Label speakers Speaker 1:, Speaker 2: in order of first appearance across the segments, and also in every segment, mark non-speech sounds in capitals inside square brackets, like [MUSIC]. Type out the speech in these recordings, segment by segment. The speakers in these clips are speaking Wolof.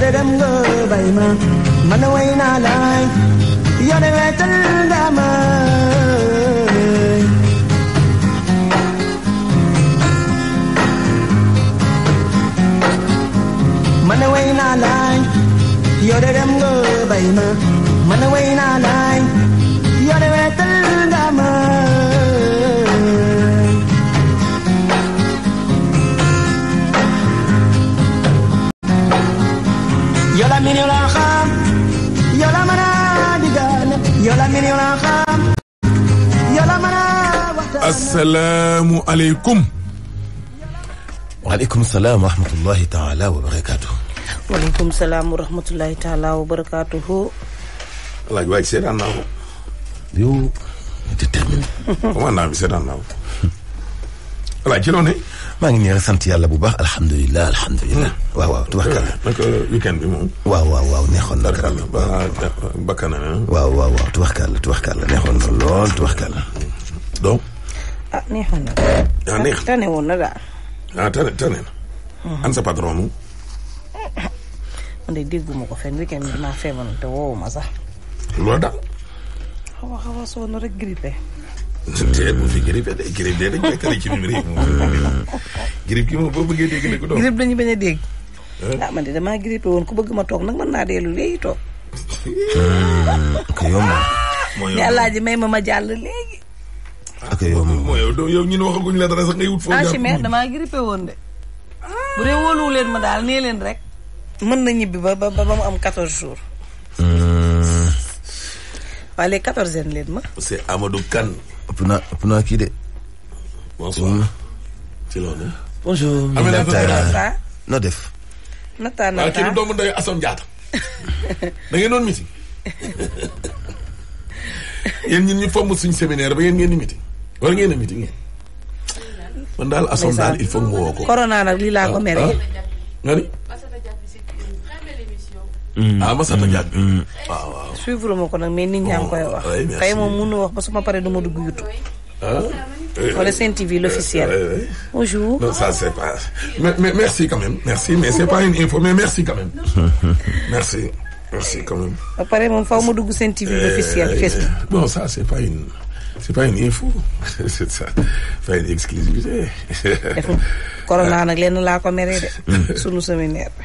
Speaker 1: de dem nga bay ma man way naa laay yow de wetal nga ma man way naa laay yow de dem nga bay ma man way naa laay
Speaker 2: asalaamu aleykum. waaleykum salaam wa rahmatullahi taala wa barakaatu.
Speaker 3: waaleykum salaam wa rahmatullahi taala wa barakaatu.
Speaker 2: alaaj waaj seetaan naa ko. yow. te terminé. [LAUGHS] commandant bi seetaan naa ko. alaaj ci loonee. maa ngi nii sant yàlla bu baax alhamdulilah alhamdulilah. Hmm. waaw waaw tubarkalla. Eh, naka weekend bi moom. waaw waaw waaw neexoon na. tubarkalla bakkan na eh? waaw waaw waaw tubarkalla tubarkalla neexoon na lool tubarkalla donc.
Speaker 3: ah neexoon na. ah tane woon na daal.
Speaker 2: ah tane tane na. Mhm. an sa patron mu.
Speaker 3: [LAUGHS] man de dégguma ko fenn weekend bi maa feebaroon te woowuma sax. loolu daal. xaw a xaw a sonn [LAUGHS] bu fi grippe
Speaker 2: de grippe de dañ koy kale ci [LAUGHS] dégg ne ko doon.
Speaker 3: grippe dañu bañ a dégg. ah damaa grippé woon ku bëgg ma toog nag mën naa dellu léegi toog.
Speaker 2: ok yow moom. mooy
Speaker 3: may ma ma jàll léegi.
Speaker 2: Ah, ok yow yow ñun waxaguñ la dara sax ngay wut. foo ah, jàpp Archimède
Speaker 3: damaa grippé woon de. bu dee wóoluwu leen ma daal nee leen rek. mën na ñibbi ba ba ba mu am 14 jours.
Speaker 2: Hmm.
Speaker 3: waa les quatorzaine leen ma.
Speaker 2: c'est Amadou Kane. ëpp naa ëpp naa kii de. bonsoir. Hmm. ci loolu. bonjour. Aminata noo def.
Speaker 3: nata nata waaw kii doomu
Speaker 2: ndeyu Assane Diatta. da ngeen doon miti. [LAUGHS] yéen ñun ñu fomm suñu séminaire ba yéen ngeen di miti. war ngeen a meeting man daal asom il faut mu woo ko.
Speaker 3: corona nag lii laa ko ah, meree. Ah.
Speaker 2: nga ni. Mm. ah Masata Diagne. Mm, mm. waaw
Speaker 3: waaw. ko nag mais nit ñaa koy wax. Oh, tey moom mënu wax ba suma paree duma ma dugg YouTube.
Speaker 2: ah. Eh,
Speaker 3: TV eh, l'officiel. Eh, bonjour. non
Speaker 2: ça c'est pas mais mais merci quand même merci mais c'est pas une info mais
Speaker 3: [LAUGHS] moom faw ma dugg Sen TV l'officiel Facebook. non ça c'est pas une.
Speaker 2: c'est pas une info
Speaker 3: [LAUGHS] corona nag lenn laa ko meree de. [LAUGHS] sunu séminaire bi.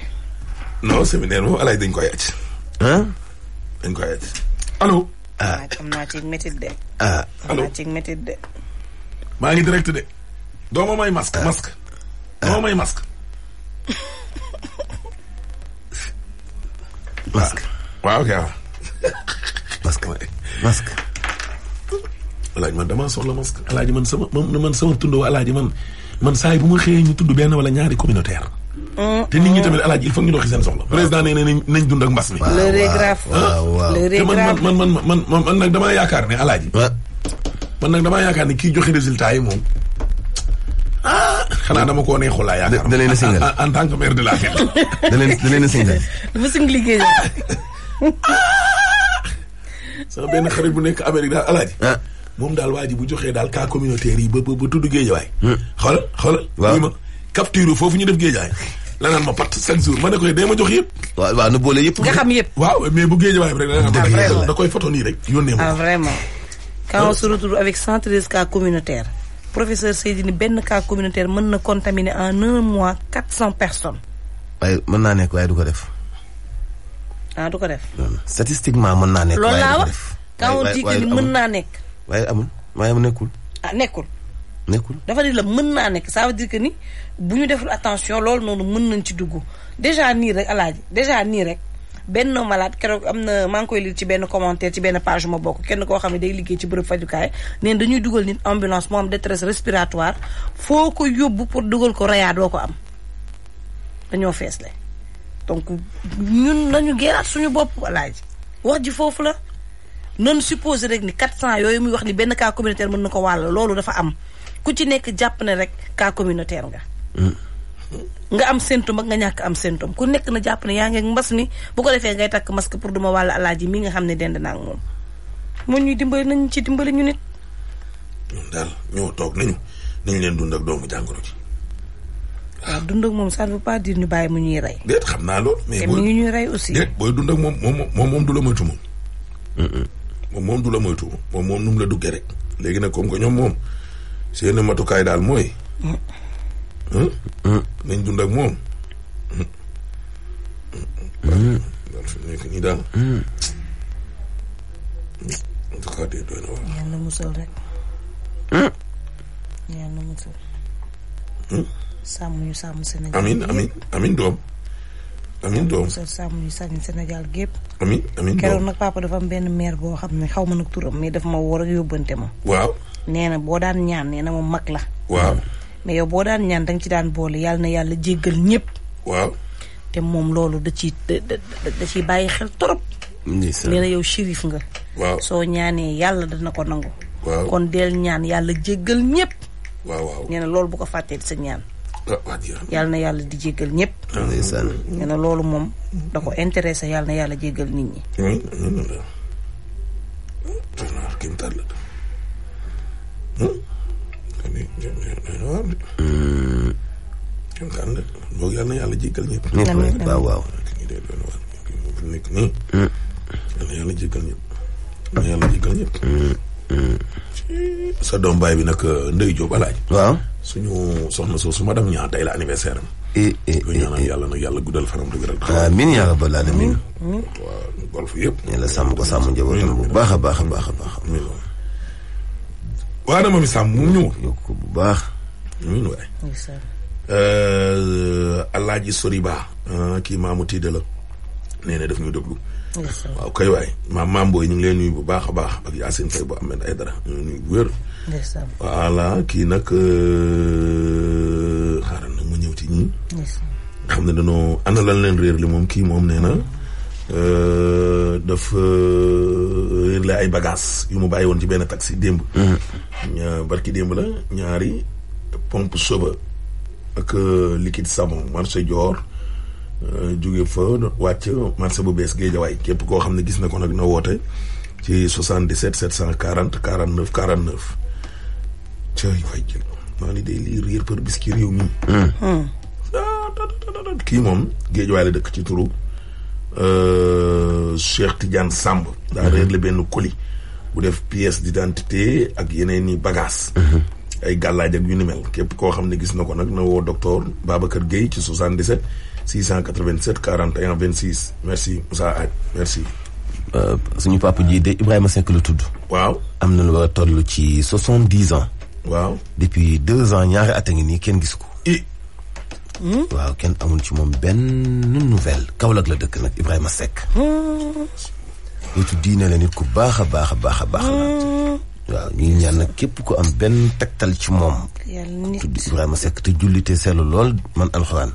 Speaker 2: séminaire boobu alaaj dañ ko yàcc. ah dañ ko ah, ah. am ah.
Speaker 3: naa ci métit de.
Speaker 2: maa ngi direct de. doo ma may masque masque. doo ma may masque. [LAUGHS] masque waaw waaw. masque masque. alaaji man damaa soxla masque alaaji man sama man sama tund wa alaaji man man saa yi bu ma xëyee ñu tudd benn wala ñaari communautaire
Speaker 1: mm,
Speaker 4: te
Speaker 2: nit ñi mm. tamit alaaji il faut ñu doxi seen soxla président nee nañ nañ dund ak mbas mi
Speaker 1: te man
Speaker 2: man man man man man nag dama yaakaar ne alaaji man nag dama yaakaar ne kii joxe résultat yi moom ah, xanaa dama koo neexul laa yaakaar da leen a singal en tant que maire de la ville [LAUGHS] da leen da leen a singal
Speaker 3: dafa [LAUGHS] sing liggéey [LAUGHS] ah!
Speaker 2: sama benn xarit moom daal waa ji bu joxee daal cas communautaire yi ba ba ba tudd géejawaay. Hmm. xoolal xoolal. waaw ma capture foofu ñu def géejawaay. lanaan ma pat chaque jour ma ne koy dee ma jox yëpp. waaw waaw na boole yëpp. nga yëpp. waaw mais bu géejawaay bi rek da ngay da koy photo nii rek yónnee ma. Ah, vraiment. quand on ah.
Speaker 3: se retrouve avec 113 cas communautaires. benn cas communautaire mën na contaminer en un mois cent personne
Speaker 2: waaye mën naa nekk waaye du ko def. ah du ko def. statistiquement mën naa nekk. waaye du ko loolu laa wax.
Speaker 3: quand on dit que mën naa nekk.
Speaker 2: waaye amul waaye amul nekkul. ah nekkul. nekkul
Speaker 3: dafa di la mën naa nekk ça veut que ni bu ñu deful attention loolu noonu mën nañ ci dugg déjà nii rek alaaji déjà nii rek benn malade keroog am na maa ngi koy lire ci benn commentaire ci benn page ma bokk kenn koo xam ne day liggéey ci bërëb fajukaay neen dañuy dugal nit ambulance moo am détresse respiratoire foo ko yóbbu pour dugal ko rayaa doo ko am dañoo fees le donc ñun nañu gënaat suñu bopp alaaji noonu supposé rek ni 400 yooyu muy wax ni benn cas communautaire mën na ko wàll loolu dafa am ku ci nekk jàpp ne rek cas communautaire nga. nga am symptôme ak nga ñàkk am symptôme ku nekk na jàpp ne yaa ngeen mbas mi bu ko defee ngay takk masque pour duma wàll alaaji mi nga xam ne dend naa moom. moo ñuy dimbali nañ ci dimbali ñu nit.
Speaker 2: daal ñoo toog nañu nañ leen dund ak doomu jàngoro ji.
Speaker 3: waaw dund ak moom ça ne veut pas dire ñu bàyyi mu ñuy rey. déet
Speaker 2: xam naa loolu. mais ngi ñuy rey aussi. déet booy moom moom moom du la moytu moom. moom moom du la moytu moom moom nu mu la duggee rek léegi na comme que ñoom moom seen matukaay daal mooy. nañ dund ak moom.
Speaker 3: daal en tout cas de doy na waar. yàlla musal
Speaker 2: doom. amiin doom sa
Speaker 3: sàmm yu sànni Sénégal gépp amiin nag papa dafa am benn maire boo xam ne xaw ma nag turam mais dafa ma war a yóbbante ma waaw nee na boo daan ñaan nee na moom mag la mais yow boo daan ñaan danga ci daan boole yàlla na yàlla jéggal ñëpp moom loolu da ci da bàyyi xel yow shérif nga soo ñaanee yàlla dana ko nangu kon del ñaan yàlla jéggal ñëpp waaw loolu bu ko fàttee di sa ñaan Ah, yàlla na yàlla di jéggal ñëpp. ndeysaan loolu moom da ko intéressé yàlla na yàlla jéggal nit ñi.
Speaker 2: boog yàlla na yàlla jéggal ñëpp. waaw waaw. Hmm. Hmm, hmm. sa doom baay bi nag euh, Ndeye Diop waaw. suñu soxna soosu madame ñaa tey la anniversaire am. et et et ñaanal eh. yàlla nag yàlla guddal fanam te gëral. amiin yaa rabbal aalamiin. waaw golf yëpp. yàlla sàmm ko sàmm njabootam bu baax a baax a baax a baax. waa na ma mi sàmm mu ñëw. bu baax. amiin waay. Euh, alaaji sori ah, kii maamu tiide la. nee na daf ñu déglu. waaw kay waay maam maam booy ñu ngi leen nuyu bu baax a baax ak Yacine boo bu amee ay dara ñu nuyu bu wér. voilà kii nag euh, xaaral nag ma ñëw ci ñii. xam ne dañoo ana lan leen réer li moom kii moom nee na. Euh, dafa euh, réer la ay bagages yu mu bàyyi woon ci benn taxi démb. Mm-hmm. ña barki démb la ñaari pompe soba ak liquide savon marché joor. Euh, jóge fa wàcc marché bu bees Géejawaay képp koo xam ne gis na ko nag na woote ci 77 740 49 49. ca waay jël maa ngi day lii riir bis ki réew
Speaker 4: hmm. Hmm.
Speaker 2: Ah, kii moom Géejawaay la dëkk ci turu euh, Cheikh Tidiane Samb. daa hmm. réer la benn colis. bu def pièce d'identité ak yeneen i bagages. ay gàllaaj ak yu ni mel képp koo xam ne gis na ko nag na woo docteur Babacar Gueye ci 77. 687 41 26 merci Moussa Agne merci. Euh, suñu papa ji de Ibrahima Seck lu tudd. waaw am na lu war a toll ci soixante dix ans. waaw depuis deux ans ñaari at a ngi nii kenn gisu ko. i. Hmm? waaw kenn amul ci moom benn nouvelle Kaolack la dëkk nag Ibrahima Seck.
Speaker 4: Hmm.
Speaker 2: nitu diine la nit ku baax a baax a baax a baax la. Hmm. waaw ñuy ñaan nag képp ku am benn tegtal ci moom. tudd Ibrahima sekk te jullite seetlu lool man alxuraan.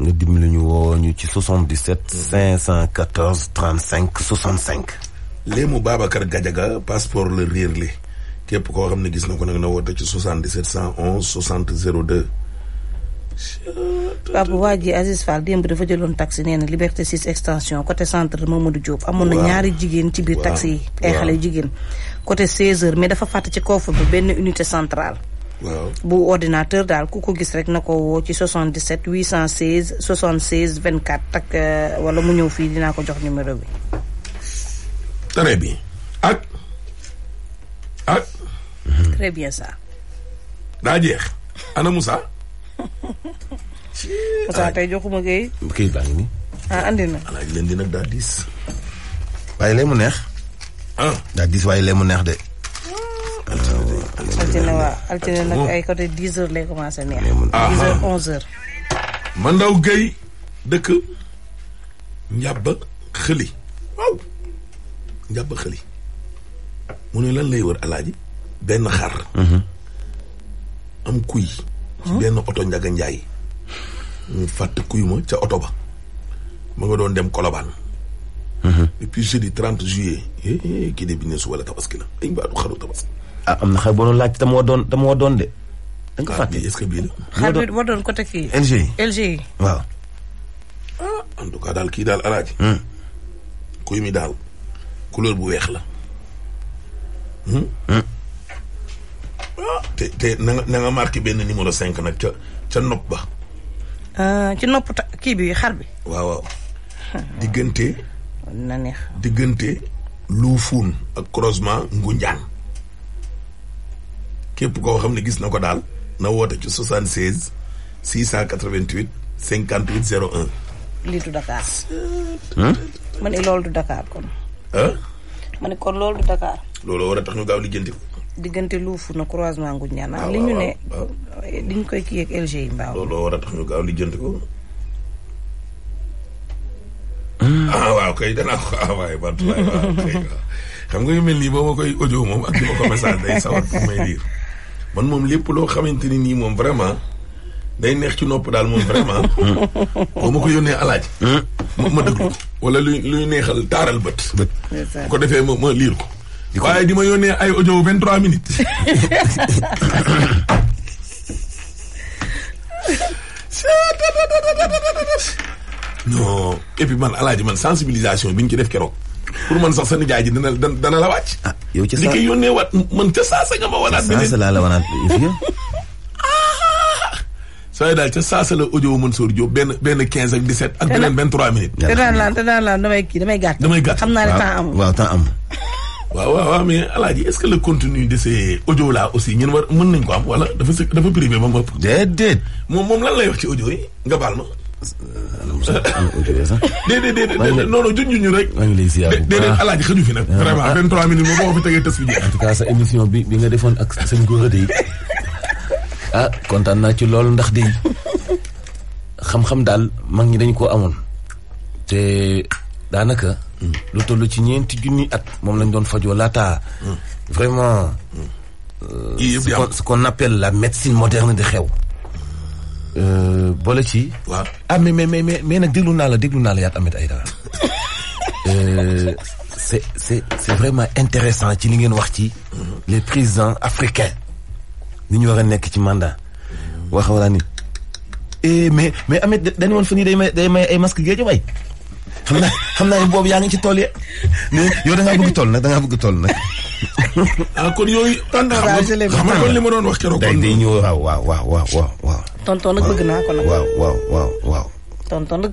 Speaker 2: nga dimbali ñu woo ñu ci 77. 514 35 65. léemu Babacar Gadiaga passeport le riir li képp koo xam ne gis na ko nag na woote ci 77 111 60 02.
Speaker 3: Pape waa ji Aziz Fall démb dafa jëloon taxi nee na Liberté 6 extension côté centre du Diop. amoon na ñaari jigéen ci biir taxi yi. ay xale jigéen. côté 16h mais dafa fàtte ci coffre bi benn unité centrale. bu ordinateur daal ku ko gis rek na ko woo ci 77 816 76 24 tak wala mu ñëw fii dinaa ko jox numéro bi. très bien ak ak. très bien ça.
Speaker 2: daa jeex ana Moussa. [LAUGHS]
Speaker 3: Moussa tey joxuma kay. ah andi na.
Speaker 2: leen di nag daa diis. waaye lee mu neex. ah daa diis waaye lee mu neex de. Ah.
Speaker 3: Euh, altine waaw altine nag ay côté dix heures lay commencé neex.
Speaker 2: dix heures onze heures. Mandaw Gueye dëkk njàbba xëli waaw njàbba xëli mu ne lan lay wër alaaji benn xar mhm. am kuy ci benn oto njaga njaay fàtt kuy ma ca oto ba ma nga doon dem kolobaan depuis mhm. jeudi 30 juillet eh, eh, kii de bi ne suba la tabaski la ay xaru tabaski ah am na xar boo doon laaj te moo doon te moo doon de. da nga ah, bi
Speaker 3: moo doon côté fii. LG yi LG yi.
Speaker 2: tout cas daal kii daal alaaji. Hmm. mi daal couleur bu weex la. Hmm? Hmm. Ah. te te na nga na nga ca nopp ba.
Speaker 3: Ah, ci nopp kii bi xar bi.
Speaker 2: waaw waaw. diggante. na neex diggante. Luufuun ak croisement Ngunjaan. képp koo xam ne gis na ko daal na woote ci 76 688 58 01.
Speaker 3: lii du Dakar. ma ne loolu du Dakar kon. ma ne kon loolu du Dakar.
Speaker 2: loolu war a tax ñu gaaw lijjanti ko.
Speaker 3: diggante ah, koy kii ak LG yi mbaaw.
Speaker 2: loolu war a tax ñu gaaw lijjanti ko. Ah, waaw kay danaa ah, waaw xam nga yu mel nii boo ma koy audio moom ak di ma ko day sawar fu may liir. man moom lépp loo xamante ni nii moom vraiment day neex ci nopp daal moom vraiment. [LAUGHS] boo ma ko yónnee alaaj hmm. moom ma déglu wala luy luy neexal taaral bët. bët bu ko defee ma ma liir ko. waaye di ma yónnee ay audio vingt trois minutes. [LAUGHS] non et man alaaji man sensibilisation bi ñu ci def keroog. pour man sax sa nijaay ji dana dana la wàcc. ah yow ca saa li koy yónnee waat man ca saasa nga ma wanaat. beneen ca saasa laa la wanaat soo [LAUGHS] daal ca saasa la audio Mansour Diop benn benn 15 ak 17 ak beneen 23 minutes. te daan naan
Speaker 3: te daan naan damay kii damay gàtt. damay gàtt xam naa ne temps am waaw
Speaker 2: temps [LAUGHS] waaw waaw waaw mais est-ce que le contenu de ces audio là aussi ñun war mën nañ ko am wala dafa dafa privé ba mu ëpp. déedéet. moom moom lan lay wax ci audio yi nga baal ma. déedéet déedéet non non junj ñu rek. maa ngi lay ziar bu baax alaaji xëju fi nag. vraiment 23 minutes moom boo fi tegee tës bi sa émission bi bi nga defoon ak seen góor a dey ah kontaan naa ci loolu ndax dey xam-xam daal mag ñi dañ ko amoon. te daanaka. lu toll ci ñeenti junni at moom lañ doon fajoo laata hmm. vraiment. Hmm. yii yëpp euh, ce qu'on appelle la médecine moderne di xew. Euh, boole ci. waaw ah mais mais mais mais nag déglu naa la déglu naa la yaat Ahmed Aïdara [LAUGHS] euh, c'est c'est c'est vraiment intéressant ci li ngeen wax ci. Mhm. les président africains. ni ñu war a nekk ci mandat. wax wala ni. Eh, mais mais Ahmed dañu woon fa nii day may day may ay masque géej waay. xam naa xam naa ne boobu yaa ngi ci tool yi mais yow da ngaa bëgg nag da ngaa bëgg tool nag. ah kon yooyu. tonton daal xam nga kon li ma doon wax keroog. kon day ñëw waaw
Speaker 1: waaw waaw waaw
Speaker 3: waaw. tonton nag waaw waaw waaw waaw. tonton nag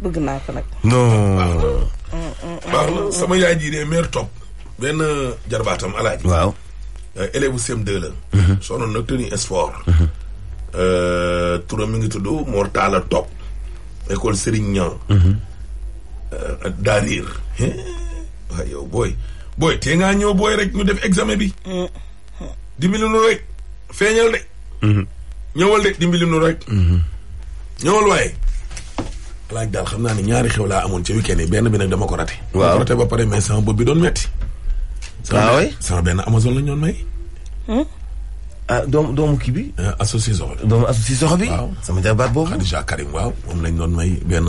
Speaker 4: sama
Speaker 2: yaay ji de mère topp. benn euh, jarbaatam alaaji. waaw. Euh, élève CM2 la. Mhm. sonoon nag tenue sport. Mhm. Euh, turam mi ngi tudd Mor Talla Top. école Serigne Niang. Mhm. Euh, daa riir yow booy booy tee ngaa ñëw booy rek ñu def examen bi mm-hmm. dimbali nu rek feeñal de mm-hmm. ñëwal de dimbali nu rek mm-hmm. ñëwal waaye laaj daal xam naa ni ñaari xew laa amoon ci week yi benn bi nag dama ko rate waaw raté ba pare mais sama bopp bi doon metti waaw waay ah sama benn Amazon la ñoon may hmm? ah, doomu kii bi euh, association doomu association bi waaw sama jabaat boobu Khadija Karim waaw moom lañ doon may benn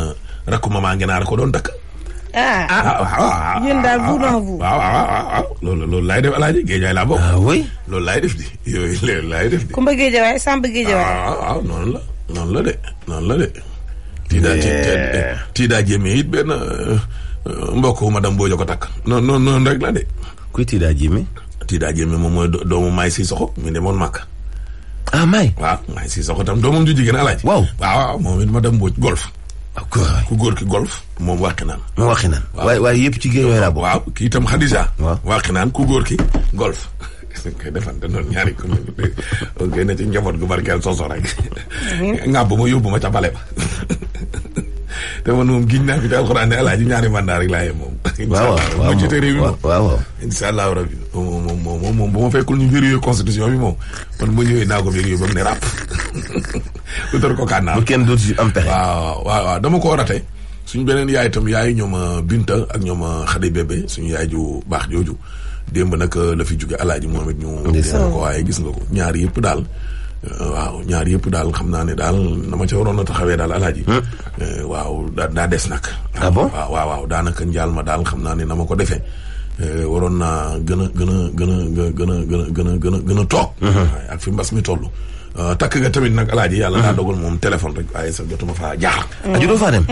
Speaker 2: rakku maman ngenaar ko doon dëkk. ah ah loolu laay def alaaji géejawaay laa ah laay def di yooyu [LAUGHS] ah,
Speaker 3: ah,
Speaker 2: ah, la noonu la de noonu la de. Euh, ko takk. noonu noonu noonu rek la mooy doomu Maay Sissoko mi demoon Màkka. ah Maay. waaw Maay Sissoko tam doomam ju jigéen alaaji. moom it madame Booj golf. ku góor ki golf moom wàqi naan moom wàqi naan waaye waaye yëpp ci géej laa bokk waaw kii itam Khadija waaw wàqi naan ku góor ki golf [LAUGHS] koy defante noonu ñaari ko koy na ci njaboot gu barkeel soso rek [LAUGHS] ŋàbb ma yóbbu ma ca bale ba [LAUGHS] te man moom giñ naa fi ci alxuraan ne alaaji ñaari mandat rek laa yem moom waaw waaw ci réew mi moom waaw insha allahu rabi moom moom moom moom bu ma fekkul ñu vérifier constitution bi moom man ma ñëwee naa ko vérifier ba mu ne ràpp utal ko kànnaar bu kenn dootu am pexe. waaw waaw waaw dama koo rate suñu beneen yaay itam yaay ñoom euh, Binta ak ñoom Xadi euh, Bébé suñu yaay ju baax jooju démb nag euh, la fi jóge alaaji moom it ñu. ko waaye gis nga ko ñaar yëpp daal. waaw yëpp daal xam naa ne daal na ma waroon a taxawee daal alaaji. Hmm. waaw daa daa des nag. ah daanaka njaal ma daal xam naa ne na ma ko defee. waroon naa gën a gën a gën a gën a gën gën a gën a gën a toog. Hmm. ak fi mbas mi toll. Euh, takk nga tamit nag alaaji yàlla mhm. daa dogal moom téléphone rek waaye sa jotuma faa jaar mm. ajudoo faa dem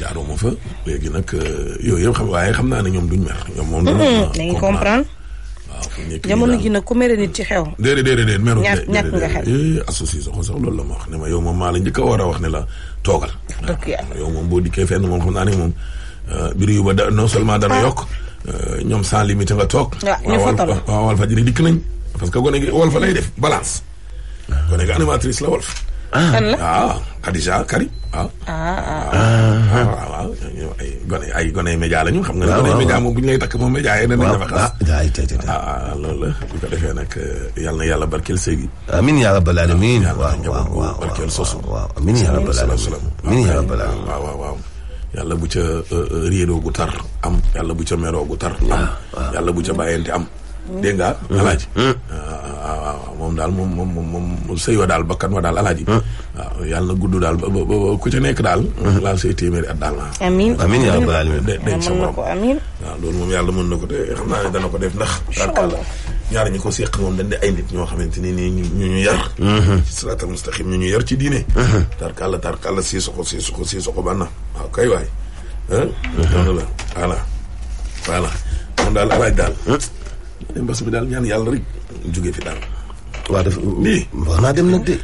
Speaker 2: jaaroo ma fa léegi nag euh, yooyu yëpp xam waaye xam naa ne ñoom duñ mer ñoom moom mm, mm,
Speaker 3: dañuy comprendre waaw fu nit ci xew
Speaker 2: déedéet déedéet déedéet meru ñàkk nga eh, ne ma yow moom maa la njëkk a war a wax ne la toogal yow moom boo dikkee fenn moom xam naa moom mbir euh, ba non seulement dana ah. yokk ñoom sans limite nga toog waaw ah, waaw Walfadjri dikk nañ parce que gone gi Walf lay def balance. gone gi animatrice la Walf. Ah. kan la ah Khadija Karim ah. ah
Speaker 4: ah, ah
Speaker 2: waaw ay gone ay gone média la ñu xam nga ne gone média moom bu ñu lay takk moom média yi dañ dafa xas. ah loolu la bu ko defee nag eh, yal na yàlla barkeel sëy gi. amiin yaa rabbal aalamiin. Ah, waaw waaw waaw barkeel sosu. waaw amiin yaa rabbal aalamiin amiin yaa rabbal aalamiin waaw waaw. yàlla bu ca eh, eh, réeroo gu tar am yàlla bu ca meroo gu tar am yàlla bu ca bàyyante am dégg nga alaaji waaw ah, moom daal moom moom moom sëy wa daal bakkan wa daal alaaji waaw na gudd daal ba ku ca nekk daal laal say téeméeri at daal naa
Speaker 3: amiin amiin yaa rabbal aalamiin denc sa morom waaw
Speaker 2: loolu moom yàlla mën na ko te xam ko def ndax daal ñaar ñi ko seq moom dañ di ay nit ñoo xamante ni nii ñu ñu yar ci siraatal mustaqim ñu ñu yar ci diine tarkalla tarkalla sii soxo sii soxo si soxo banna waaw kay waay ah noonu la voilà moom daal alaaj daal mbas bi daal ñaan yàlla rek jóge fi daal. waa def bii wax naa dem nag de.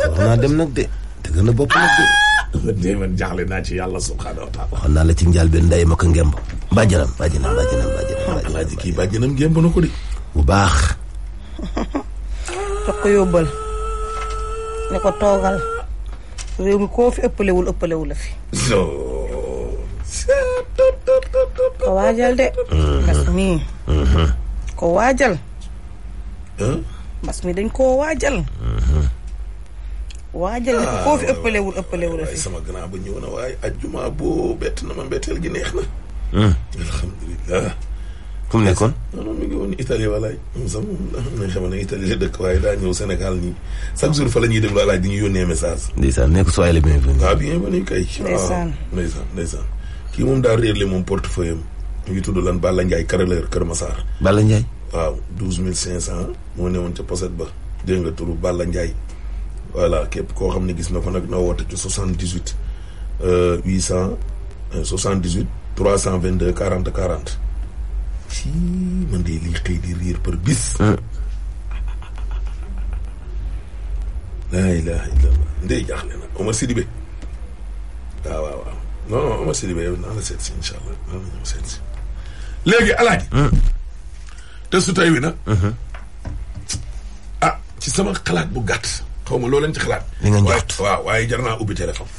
Speaker 2: wax naa dem nag de. dëgg na bopp nag de. [LAUGHS] dégg nga jaaxle naa ci yàlla subhaanahu wa taala. waxoon naa la ci njaal benn nday ma ko ngemb. bàjjanam bàjjanam bàjjanam bàjjanam. [LAUGHS] bàjjanam kii bàjjanam ngemb na ko de. bu baax.
Speaker 3: jox ko yóbbal. ne ko toogal. réew mi koo fi ëppalewul ëppalewu la fi. [LAUGHS] ko waajal de. Mm-hmm. Mm-hmm. ko waajal. mbas mi dañ koo waajal. Mm-hmm. waajal ne ko ah, koo fi ëppalewul ëppalewul
Speaker 2: a fi sama grand ba ñëw na waaye ajjuma boo bett na ma mbetteel gi neex na. Hmm. alhamdulilah. fu mu nekkoon. non non mi ngi woon Italie walaay moom sax moom nañ xam la dëkk waaye daa nii chaque jour fa la ñuy déglu alaaj di ñu yónnee message. ndeysaan nekk soo ay la bienvenu. waaw ah, bienvenu kay. Ah, ndeysaan ndeysaan ndeysaan. kii moom daa réerle moom portefeuille am mu ngi tudd lan Balla a carreleur Kër Massar. Balla Ndiaye. waaw douze mille cinq cent moo newoon ca poset ba dégg nga Balla Ndiaye voilà képp koo xam ne gis na ko nag na woote ci soixante dix huit euh, huit cent euh, soixante dix huit trois cent vingt deux quarante quarante. ci man de lii xëy di riir par bis. laa ilaaha illallaah ndey jaaxle na Omar Sidibé waaw waaw waaw. non non Omar Sidibé yow léegi alaaji hmm. te su tey wi na hmm. ah ci sama xalaat bu gàtt xaw ma loo leen ci xalaat li nga njoxt waaw waaye jar naa ubbi téléphone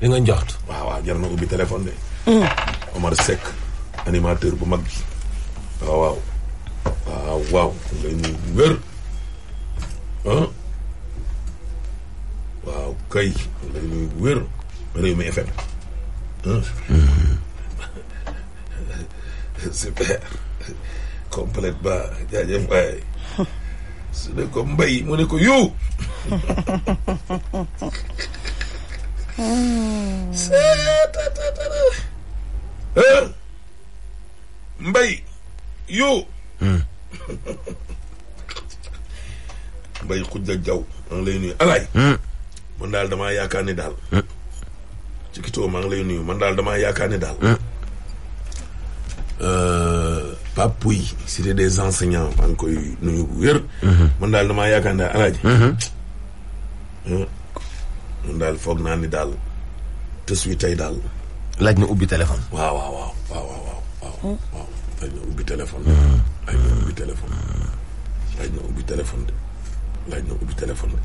Speaker 2: li nga njoxt waaw waaw jar naa ubbi téléphone de hmm. Omar Seck animateur bu mag bi waaw waaw waaw waaw ngay nuyu wér ah waaw kay ngay nuyu wér Rewmi FM Mm-hmm. [LAUGHS] super complètement jaajëf waay [LAUGHS] su ne ko mbay mu ne ko yow
Speaker 4: mm.
Speaker 2: [LAUGHS] mbay yow mm. mbay xujja jaw maa lay nuyu alaay mm. man daal damaa yaakaar ni daal Kito maa ngi lay nuyu man daal damaa yaakaar ne daal. Euh, Pape Pouy cité des enseignants maa koy nuyu bu mhm. man daal damaa yaakaar ne daal alaaji. Mhm. man daal foog naa ni daal tës wi tey daal. laaj na ubbi téléphone. waaw waaw waaw waaw
Speaker 4: waaw waaw
Speaker 2: laaj na ubbi téléphone. Mhm. laaj laaj na ubbi téléphone de laaj na ubbi téléphone de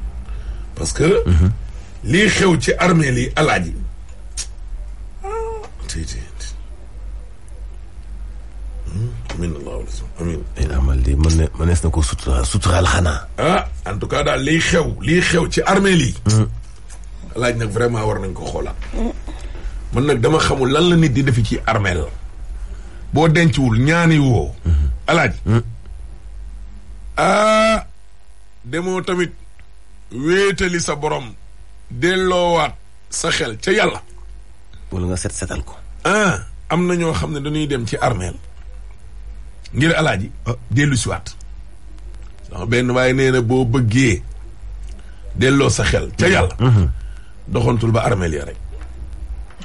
Speaker 2: parce que. lii xew ci armée lii alaaji. tiitiit amiin hmm? allahu amiin. amal ah, lii mën na mënees na ko suturaal suturaal xanaa. ah en tout cas daal liy xew liy xew ci armée lii. Hmm. laaj nag vraiment war nañ ko xoolaat. man nag dama xamul lan la nit di defi ci armeel la. boo denciwul ñaani woo. Hmm. alaaj ah demoo tamit wéetali sa borom delloowaat sa xel ca yàlla.
Speaker 3: wala nga set setal ko.
Speaker 2: ah am na ñoo xam ne dañuy dem ci armeel ngir alaaji oh, dellu siwaat sama benn waaye nee boo bëggee delloo sa xel ca yàlla mm-hmm. Mm-hmm. doxantul ba armeel ya rek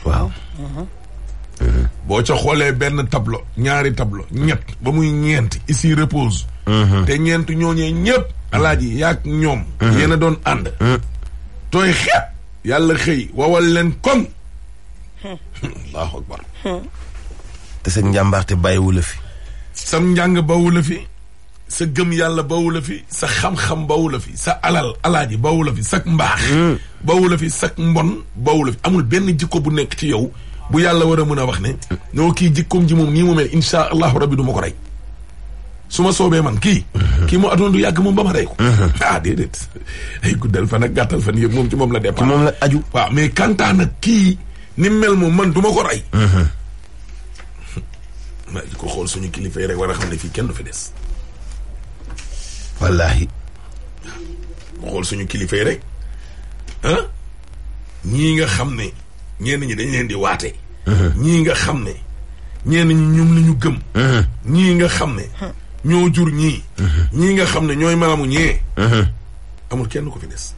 Speaker 2: waaw
Speaker 4: mm-hmm.
Speaker 2: boo ca xoolee benn tableau ñaari tableau ñett ba muy ñeent ici repose te ñeent ñooñee ñëpp alaaji yaag ñoom yéen doon ànd tooy xeet yàlla xëy wawal leen kon allahu akbar te sa njàmbaarte bàyyiwu la fi sam njàng bawu la fi sa gëm yàlla bawu la fi sa xam-xam bawu la fi sa alal alaaji bawu la fi sak mbaax bawu la fi sak mbon bawu la amul benn jikko bu nekk ci yow bu yàlla war a mën a wax ne ñoo kii jikkoom ji moom nii mu mel insha allahu rabbi du ma ko rey su ma soobee man kii kii mu adoon du yàgg moom ba ma rey ko ah déedéet ay guddal fan ak gàttal fan yëpp moom ci moom la départ ci moom la aju waaw mais kantaa kii ni mel moom man duma ko rey. ma mhm. [LAUGHS] ngi ko xool suñu kilifa yi rek war a xam ne fii kenn du fi des. wallaahi. xool suñu kilifa yi rek ah ñii nga xam ne ñenn ñi dañ leen di waate. Mhm. ñii nga xam ne ñenn ñi ñoom la ñu gëm. Mhm. ñii nga xam ne ñoo jur ñii. ñii nga xam ne ñooy maamu ñee. amul kenn ko fi des.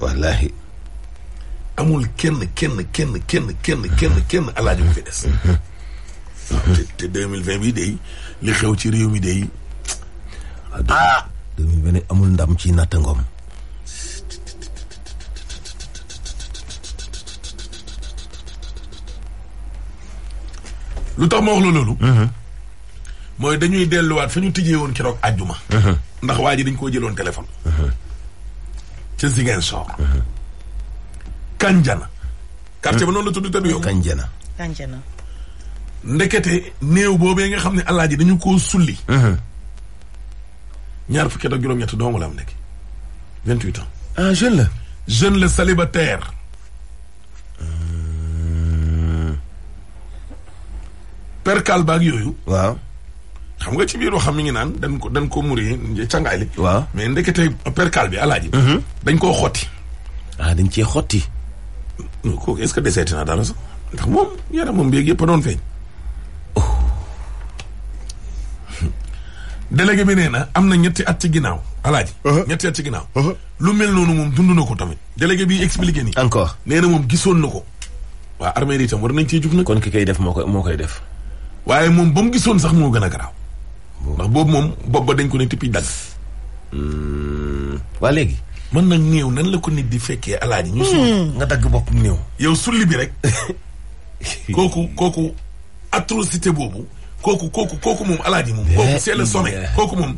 Speaker 2: wallaahi. amul kenn kenn kenn kenn kenn kenn kenn alaaji bu fi des. waaw mhm. te deux mille vingt bi day li xew ci réew mi day. ah deux mille vingt amul ndam ci nattangoom. lu tax ma wax loolu. Mhm. mooy dañuy delluwaat fa ñu tijjee woon keroog àjjuma. Mhm. ndax waa ji dañ koo jëloon téléphone. ca Ziguinchor. Kanjana. quartier ba noonu la tudd te du yow. Kanjana Kanjana. ndekete néew boobee nga xam ne alaaji dañu koo sulli. ñaar fukki at ak ñett dong la am vingt huit ans. ah jeune la. jeune la célibataire. Euh. percal baag yooyu. waaw. xam nga ci biir xam mi ngi naan dañ ko dañ ko muri cangaay li. waaw mais ndekete percal bi alaaji. dañ koo xotti. ah dañ cee xotti. non kooku est-ce que deseeti naa dara sax ndax moom yaramam beeg yëpp a doon feeñ. délégué bi nee na am na ñetti at ci ginnaaw alaaji uh-huh. ñetti at ci ginnaaw uh-huh. lu mel noonu moom dund na ko tamit délégué bi expliqué nii encore nee na moom gisoon na ko waa armée itam war nañ cee jug nag kon ki koy def moo koy moo koy def waaye moom ba mu gisoon sax moo gën a garaaw ndax boobu moom bopp ba dañ ko ne tippi dagg waa léegi mën nag néew nañ la ko nit di fekkee alaaji ñu suul hmm. nga dagg boppam néew yow sulli bi rek [LAUGHS] kooku kooku atrocité boobu kooku kooku kooku moom alaaji moom kooku c'est le sommet kooku moom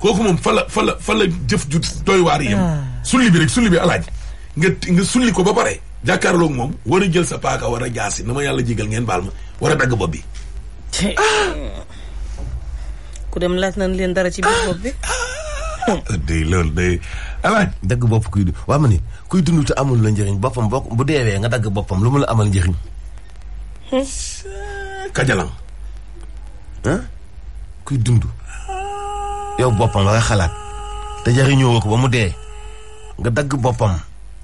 Speaker 2: kooku moom fa la fa la fa la jëf ju doy waar yem hmm. sulli bi rek sulli bi alaaji nga sulli ko ba pare jàkkaarloog moom war a jël sa paaka war a jaasi na ma yàlla jigal ngeen baal ma war a dagg bopp bi ah!
Speaker 3: ku dem laaj nañ leen dara ci biir bopp bi ah! Ah!
Speaker 2: [LAUGHS] day loolu day dagg bopp kuy waa ma kuy dund te amul la njëriñ boppam boo bu deewee nga dagg boppam lu mu la amal njëriñ hmm? dund yow boppam xalaat te ko ba mu dee nga dagg boppam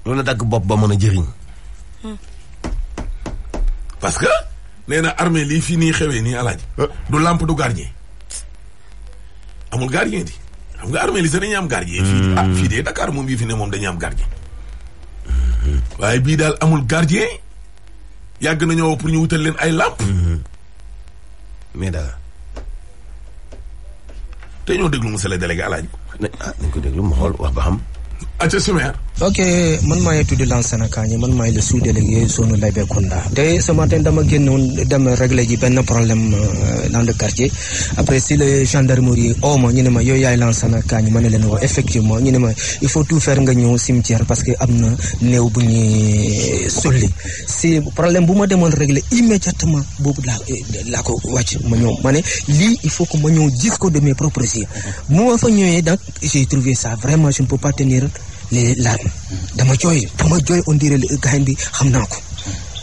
Speaker 2: loolu dagg bopp ba mën a jëriñ hmm. parce que nee na armée lii fii nii xewee nii alaaj euh. du làmp du gardien amul gardien di xam nga armée li sax am gardien. fii hmm. ah fii de Dakar moom yi fi ne moom dañuy am gardien. waaye bii daal amul gardien yàgg na ñëw pour ñu wutal leen ay làmp. Hmm. mais daal. te ñoo déglu monsieur le délégué Alaaji. ah nañ ko déglu mu xool wax ba xam.
Speaker 1: aca Soumaïa ok man maa ngi tudd Lansana Kandji man maay le sous-délégué zone Laébékounda te ce matin dama génnoon dem régler ji benn problème euh, dans le quartier après si le gendarmerie oo ma ñu ne ma yow yaay Lansana Kandji ma ne leen woo effectivement ñu ne ma il faut tout faire nga ñëw cimetière parce que am na néew bu ñuy euh, sulli si problème bu ma demoon régler immédiatement boobu laa euh, laa ko wàcc ma ñëw ma ne lii il faut que ma ñëw gis de mes propres yeux bu mhm. ma li laal dama jooy dama jooy on dirait le gain bi xam naa ko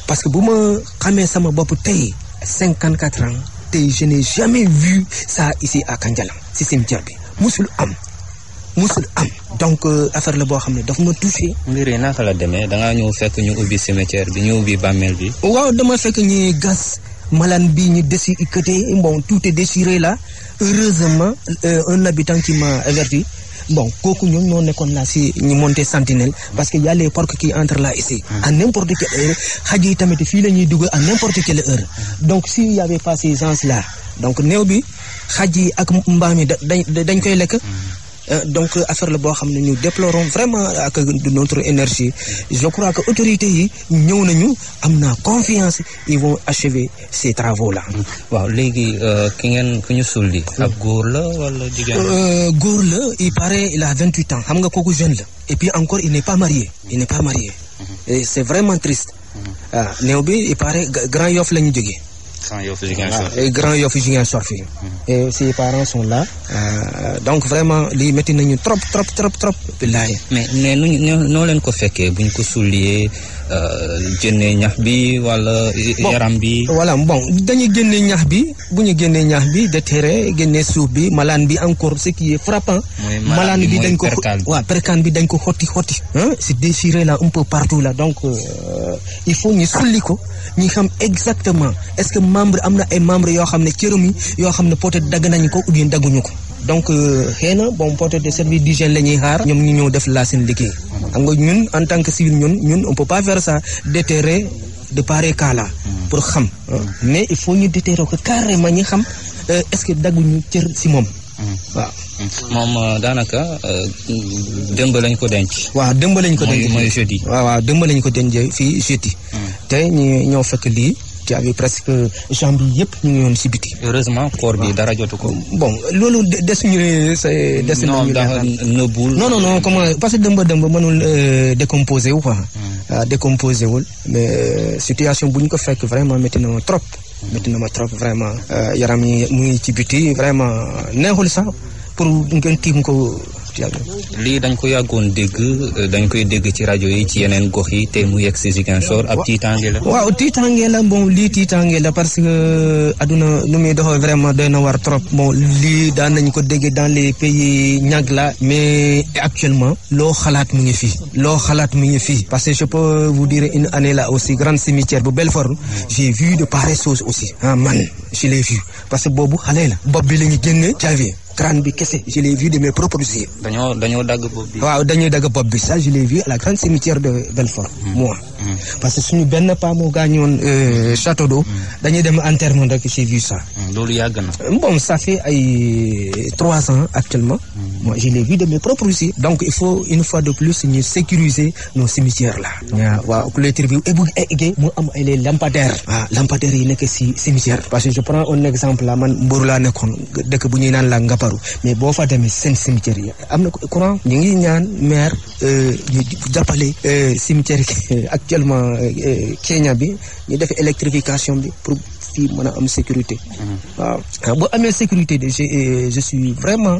Speaker 1: parce que bu ma xamee sama bopp tey cinquante quatre ans tey je n'ai jamais vu ça ici à Kandialang si cimetière bi musul am musul am donc euh, affaire la boo xam ne dafa ma touché. mbir yi naka la demee da ngaa ñëw fekk ñu ubbi cimetière bi ñu ubbi bàmmeel bi. waaw dama fekk ñuy gas malaan bi ñu dési côté bon tout est déchiré là heureusement euh, un habitant qui m'a averti. bon kooku ñoom ñoo nekkoon là si ñu monter sentinelle parce que y a les ki qui entrent là ici a n'importe quelle heure xaj yi tamit fii la ñuy dugg à n'importe quelle heure donc s'il y avait pas ces gens là donc néew bi xaj yi ak mbaam yi dañ dañ koy lekk Euh, donc affaire la boo xam ne ñu déplorons vraiment ak notre énergie je crois que autorités yi ñëw nañu am na confiance ils vont achever ces travaux là. waaw léegi euh, ki ngeen ku ñu suul di. góor la wala jigéen euh, góor la il paraît il vingt huit ans xam nga kooku jeune la. et puis encore il n'est pas marié il n'est pas marié. Mhm. c'est vraiment triste. Mhm. ah bi il paraît Grand Yoff la ñu jógee. Grand Yoff Ziguinchor fii et ses mmh. parents sont là euh, donc vraiment lii métti nañu trop trop trop trop billaahi mais mais noo leen ko fekkee buñ ko soulier Euh, génnee ñax bi wala. yaram bi voilà bon dañu génnee ñax bi bu ñu génnee ñax bi déterré génnee suuf bi malaan bi encore ce qui est frappant. malaan bi dañ ko waaw perkaan bi dañ ko xotti xotti. c'est déchiré là un peu partout là donc euh, il faut ñu sulli ko ñu xam exactement est-ce que membre am na ay membre yoo xam ne cëram yi yoo xam ne peut-être dagg nañu ko ou bien dagguñu ko. donc euh, xëy na bon porteur de service d'hygiène la ñuy xaar ñoom ñu ñëw def laa seen liggéey xam nga ñun en tant que civil ñun ñun on peut pas faire ça déterrer de pareil cas pour xam mais il faut ñu déterrer ko carrément ñi xam euh, est-ce que dagguñu cër si moom waaw moom euh, daanaka dëmb lañ ko denc. waaw dëmb lañ ko denc mooy jeudi. waaw waaw dëmb ko denc fii jeudi. Hmm. te ñu ñoo fekk lii. tu avais presque euh, jambes yi ñu ngi woon si biti. heureusement corps bi dara jotu ko. bon loolu desuñu ne sa des nañu. nëbbul non non non comment euh, parce que dëmba dëmba mënul euh, décomposé wu quoi. Hmm. Ah, décomposé wul mais situation bu ñu ko fekk vraiment métti na ma trop. Hmm. métti na ma trop yaram yi mu ngi ci biti vraiment neexul sax pour ngeen tiim ko. actuellement. lii dañ ko yàggoon dégg dañ koy dégg ci rajo yi ci yeneen gox yi te mu yegg si Ziguinchor ab tiitaange la. waaw tiitaange la bon lii tiitaange la parce que aduna nu muy doxee vraiment doy na war trop bon lii daan nañ ko dégg dans le pays ñag la mais actuellement loo xalaat mu ngi fii loo xalaat mu ngi fii parce que je peux vous dire une année là aussi grand cimetière bu Belfort j'ai vu de pareilles choses aussi ah man je l'ai vu parce que boobu xale la bopp bi la ñu crâne bi kese je l'ai vu de mes propres yeux. dañoo dañoo dagg bopp bi. waaw dañuy dagg bopp bi ça je l'ai vu à la grande cimetière de Belfort. moi. parce que suñu benn paa moo gaañoon euh, château dañuy dem enterrement rek ci vu ça. loolu yàgg na. Euh, bon ça fait ay euh, trois ans actuellement. Hmm. je l'ai vu de mes propres yeux. donc il faut une fois de plus ñu sécuriser nos cimetières là. Hmm. waaw clôture bi bu eggee mu am ay les lampadaires. waaw ah. ah, lampadaires yi nekk ci parce que je prends un exemple là man Mbour laa nekkoon dëkk bu ñuy naan la Ngaparu mais boo fa demee seen cimetière yi am na courant ñu ngi ñaan maire ñu jàppale [LAUGHS] actuellement euh, euh, Kenya bi ñu def électrification bi pour fii mën am sécurité. Mhm. waaw boo amee sécurité de je euh, suis vraiment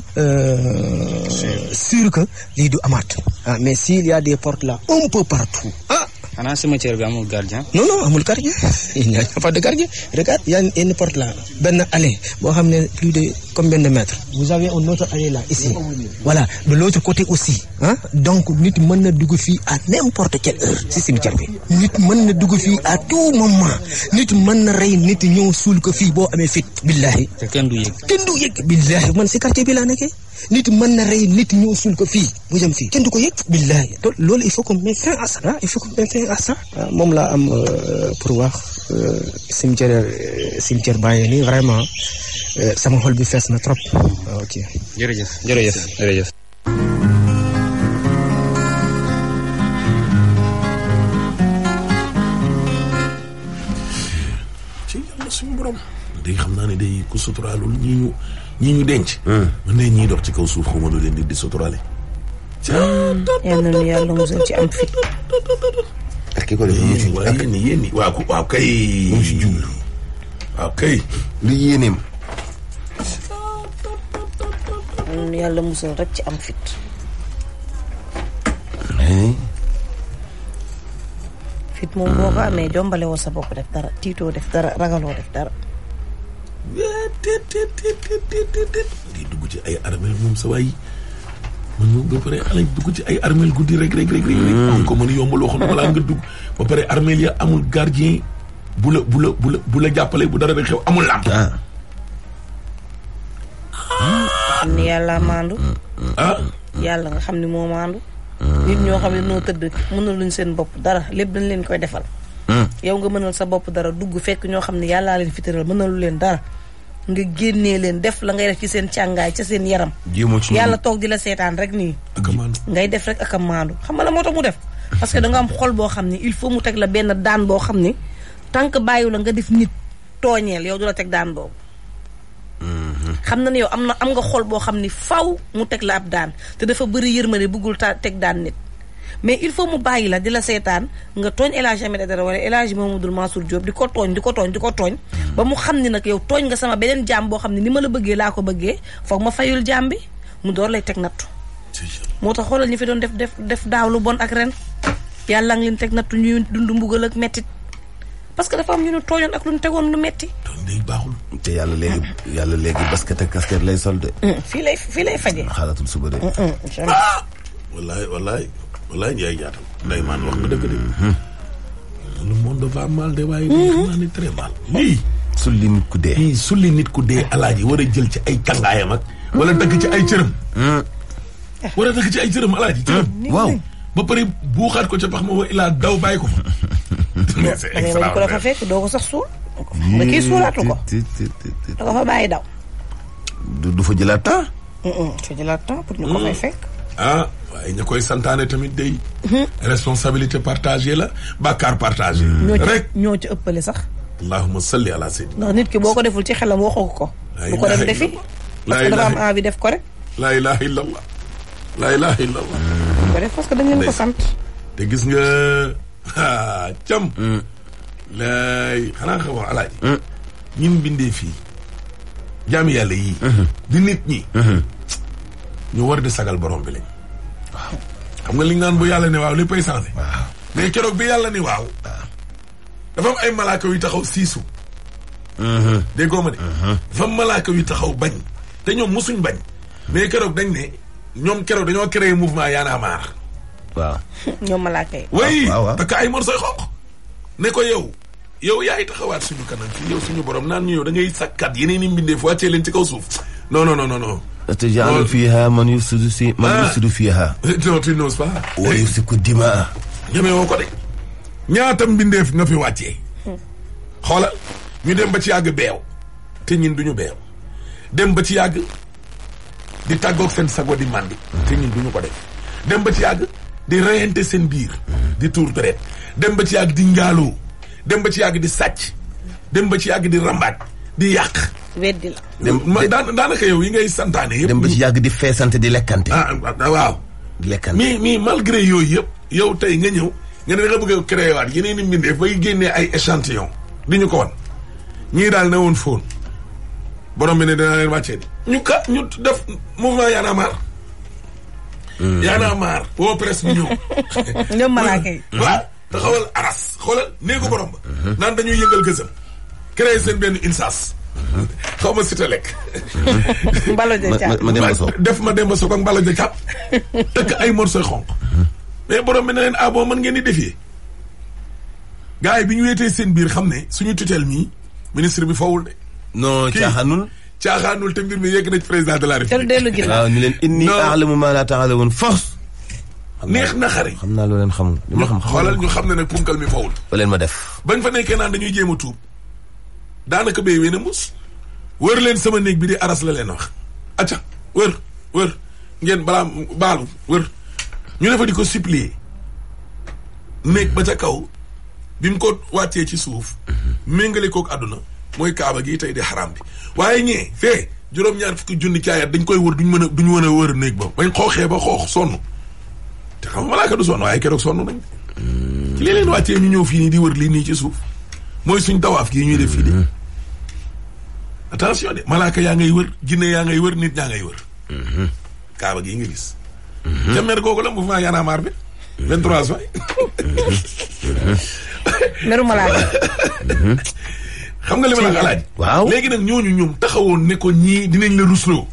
Speaker 1: sûr que lii du amaat. ah mais s'il y a des portes la un peu partout ah, xanaa cimetière bi amul gardien. non non amul gardien a pas de a benn allée boo xam ne plus de combien de mètres. vous avez un autre allée là ici. voilà de l'autre aussi. ah donc nit mën na dugg fii a n'importe quelle heure si cimetière bi. nit mën na dugg fi à tout moment nit mën na rey nit ñëw suul ko fii boo amee fit. billahi te kenn du yëg. kenn du yëg billahi man si quartier bi laa nekkee. nit mën na rey nit ñoo suul ko fii mu jëm fii kenn du ko yëg billahi loolu il faut que médecin à ça il faut que médecin à ça ah, moom laa am euh, pour wax euh, cimetière euh, cimetière bàyyi nii vraiment sama xol bi fees na trop ah, ok jërëjëf jërëjëf jërëjëf
Speaker 2: suñu borom day xam naa ne day ku suturaalul ñii ñu ñii ñu denc. Hmm. mën nañ ñiy ci kaw suuf xaw lu leen di di suturaale.
Speaker 3: yal nañu yàlla musal ci am fit. ak ki ko mu si rek ci am fit. Eh? fit moom boo ko amee jombale woo sa bopp def dara tiitoo def dara ragaloo def teet
Speaker 2: di dugg ci ay armel moom sa waay man moom ba pare alañ dugg ci ay armel guddi rek rek rek rek. Hmm. am ko mën a dugg. ba pare amul gardien bu la bu la bu jàppale bu dara rek amul làmp. xam
Speaker 3: ah. ah. ni yàlla maandu. Hmm, hmm, ah. yàlla nga xam ni moo maandu. nit ñoo xam ne noo tëdd mënaluñ seen bopp dara lépp dañ leen koy defal. yow nga mënal sa bopp dara dugg fekk ñoo xam ne yàllaa leen fitiral mënalu leen dara. nga génnee leen def la ngay def ci seen càngaay ca seen yaram. yàlla toog di la seetaan rek nii. ngay def rek ak a xam nga la moo tax mu def. parce que danga am xol boo xam ni il faut mu teg la benn daan boo xam ni tant que bàyyiwu la nga def nit tooñeel yow du la teg daan boobu. Mhm. xam na ne yow am na am nga xol boo xam ni faw mu teg la ab daan te dafa bëri yërmande bëggul ta teg daan nit. mais il faut mu bàyyi la di la seetaan nga tooñ El Hadj Ahmed Aidara wala El Hadj Mamadou Mansour Diop di ko tooñ di ko tooñ di ko tooñ ba mu xam ni nag yow tooñ nga sama beneen jaam boo xam ne ni ma la bëggee laa ko bëggee foog ma fayul jaam bi mu door lay teg nattu moo tax xoolal ñi fi doon def def def daaw lu bon ak ren yàlla ngi leen teg nattu ñuy dund mbugal ak mettit parce que dafa am ñu nu tooñoon ak lu nu tegoon lu metti tooñ
Speaker 2: léegi baaxul te yàlla léegi ah. yàlla léegi basket ak casquette lay solde
Speaker 3: mm, fii lay fii lay fajee xaalatul suba de mm, mm, ah!
Speaker 2: wallaay wallaay walaay Ndiaye jaatam nday maan wax nga de. Hmm. le monde va mal de waaye. mal. lii sulli nit ku dee. sulli nit ku dee alaaji war a jël ci ay tàngaayam ak. wala dagg ci ay cëram. Hmm. war a dagg ci ay cëram alaaji hmm. cëram. waaw ba pare buuxaat ko ca pax ma wa ilaa daw bàyyi ko fa. [LAUGHS] c'est excellent ko la fa
Speaker 3: fekk doo ko sax ko. da ko fa bàyyi daw. du fa jëlaat temps. fa jëlaat temps pour ko fay fekk.
Speaker 2: ah waaye ñu koy santaane tamit day. Hmm. responsabilité partagée la bàkkaar partagé. Hmm. rek
Speaker 3: ñoo ci ëppale sax.
Speaker 2: allahumma solli ala sayyidina.
Speaker 3: ndax nit ki boo ko deful ci xelam waxoo ko. bu ko dem defi. parce que dafa def ko rek.
Speaker 2: laa ilaha illallah. laa
Speaker 3: parce que dañ leen ko sant.
Speaker 2: te gis nga ah cam. Hmm. laay xanaa nga wax alaaji. bindee fii. jaam yàlla yii. di nit ñi. ñu war di sagal borom bi lañ. waaw xam nga li ñu naan bu yàlla ne waaw léppay changé. waaw mais keroog bi yàlla ne waaw. dafa am ay malaaka yu taxaw siisu. Mm-hmm. déggoo ma de. Mm-hmm. dafa am malaaka yu taxaw bañ. te ñoom mosuñ bañ. mais keroog dañ ne ñoom keroog dañoo créé mouvement Y'en a marre. waaw.
Speaker 3: [LAUGHS] ñoom malaaka yi.
Speaker 2: waaw waaw ay morsoy xonq ne ko yow. yow yaay taxawaat suñu kanam fii yow suñu borom naan ñu yow da ngay sakkat yeneen i mbindeef wàccee leen ci kaw suuf. non non non non non. atajaalu fiihaa man yufsidu si man ah. yufsidu fiihaa. [LAUGHS] non tu n'oses pas. wa yufsiku dimaa. ñeme woo ko de ñaata mbindeef nga fi wàccee. xoolal ñu dem ba ci yàgg beew te ñun duñu beew dem ba ci yàgg di tàggoog seen sago di màndi te ñun duñu ko def dem ba ci yàgg di reyante seen biir di tuur deret dem ba ci yàgg di njaaloo dem ba ci yàgg di sàcc dem ba ci yàgg di rambaaj di yàq weddi la. dem daanaka yow yi ngay santaane yëpp. dem ba ci yàgg di feesante di lekkante. Ah, ah waaw. di lekkante mais mais malgré yooyu yëpp yow tey nga ñëw nga ne da bëgg a créé waat yeneen i mbindeef bay génnee ay échantillon di ñu ko wan ñii daal ne woon fóon borom bi ne dinaa leen wàccee ni ñu ka ñu def mouvement Y'en a marre. Hmm. Y'en a woo presse
Speaker 3: bi ñëw. [LAUGHS] ñoom malaaka yi.
Speaker 2: [LAUGHS] waaw te xawal aras xoolal néegu borom ba. Hmm. naan dañuy yëngal gësëm. créé seen benn insas xaw ma sita lekk. mbalo ja capp ma dem def ma dem ba soog ak mbalo ja capp. tëkk ay morso xonq. mais borom bi ne leen ah bon mën ngeen di defee. gars yi bi ñu weetee seen biir xam ne suñu tutelle mii ministre bi fawul de. non caaxaanul caaxaanul te mbir mi yegg na ci président de la république. dellu gi waaw ñu leen inni aalamu maa laa taalamuun force. neex na xare xam naa loo leen xamul. ma xam xoolal ñu xam ne nag punkal mi fawul. ba leen ma def. bañ fa nekkee naan dañuy jéema tuub. daanaka béy ween a muus wër leen sama néeg bi di aras la leen wax acca wër wër ngeen balaa baalu wër ñu defa di ko supplier néeg ba ca kaw bi mu ko wàccee ci suuf mhm. méngale kook àdduna mooy kaaba gi tey di xaram bi waaye ñee fee juróom-ñaar fukki junni caayat dañ koy wër duñ mën a duñ mën a wër néeg ba bañ xooxee ba xoox sonn te xam nga malaaka du sonn waaye keroog sonn nañ mm. ci leen wàccee ñu ñëw fii nii di wër lii nii ci suuf mooy suñ tawaaf gii ñuy def fii de. attention de malaaka yaa ngay wër jinne yaa ngay wër nit ñaa ngay wër. Mhm. kaaba gii nga gis. te mhm. mer googu la mouvement Y'en a marre bi. 23 mhm. juin. meru
Speaker 3: malaaka. xam nga li ma la xalaat.
Speaker 2: waaw léegi nag ñooñu ñoom taxawoon ne ñii dinañ la rusloo.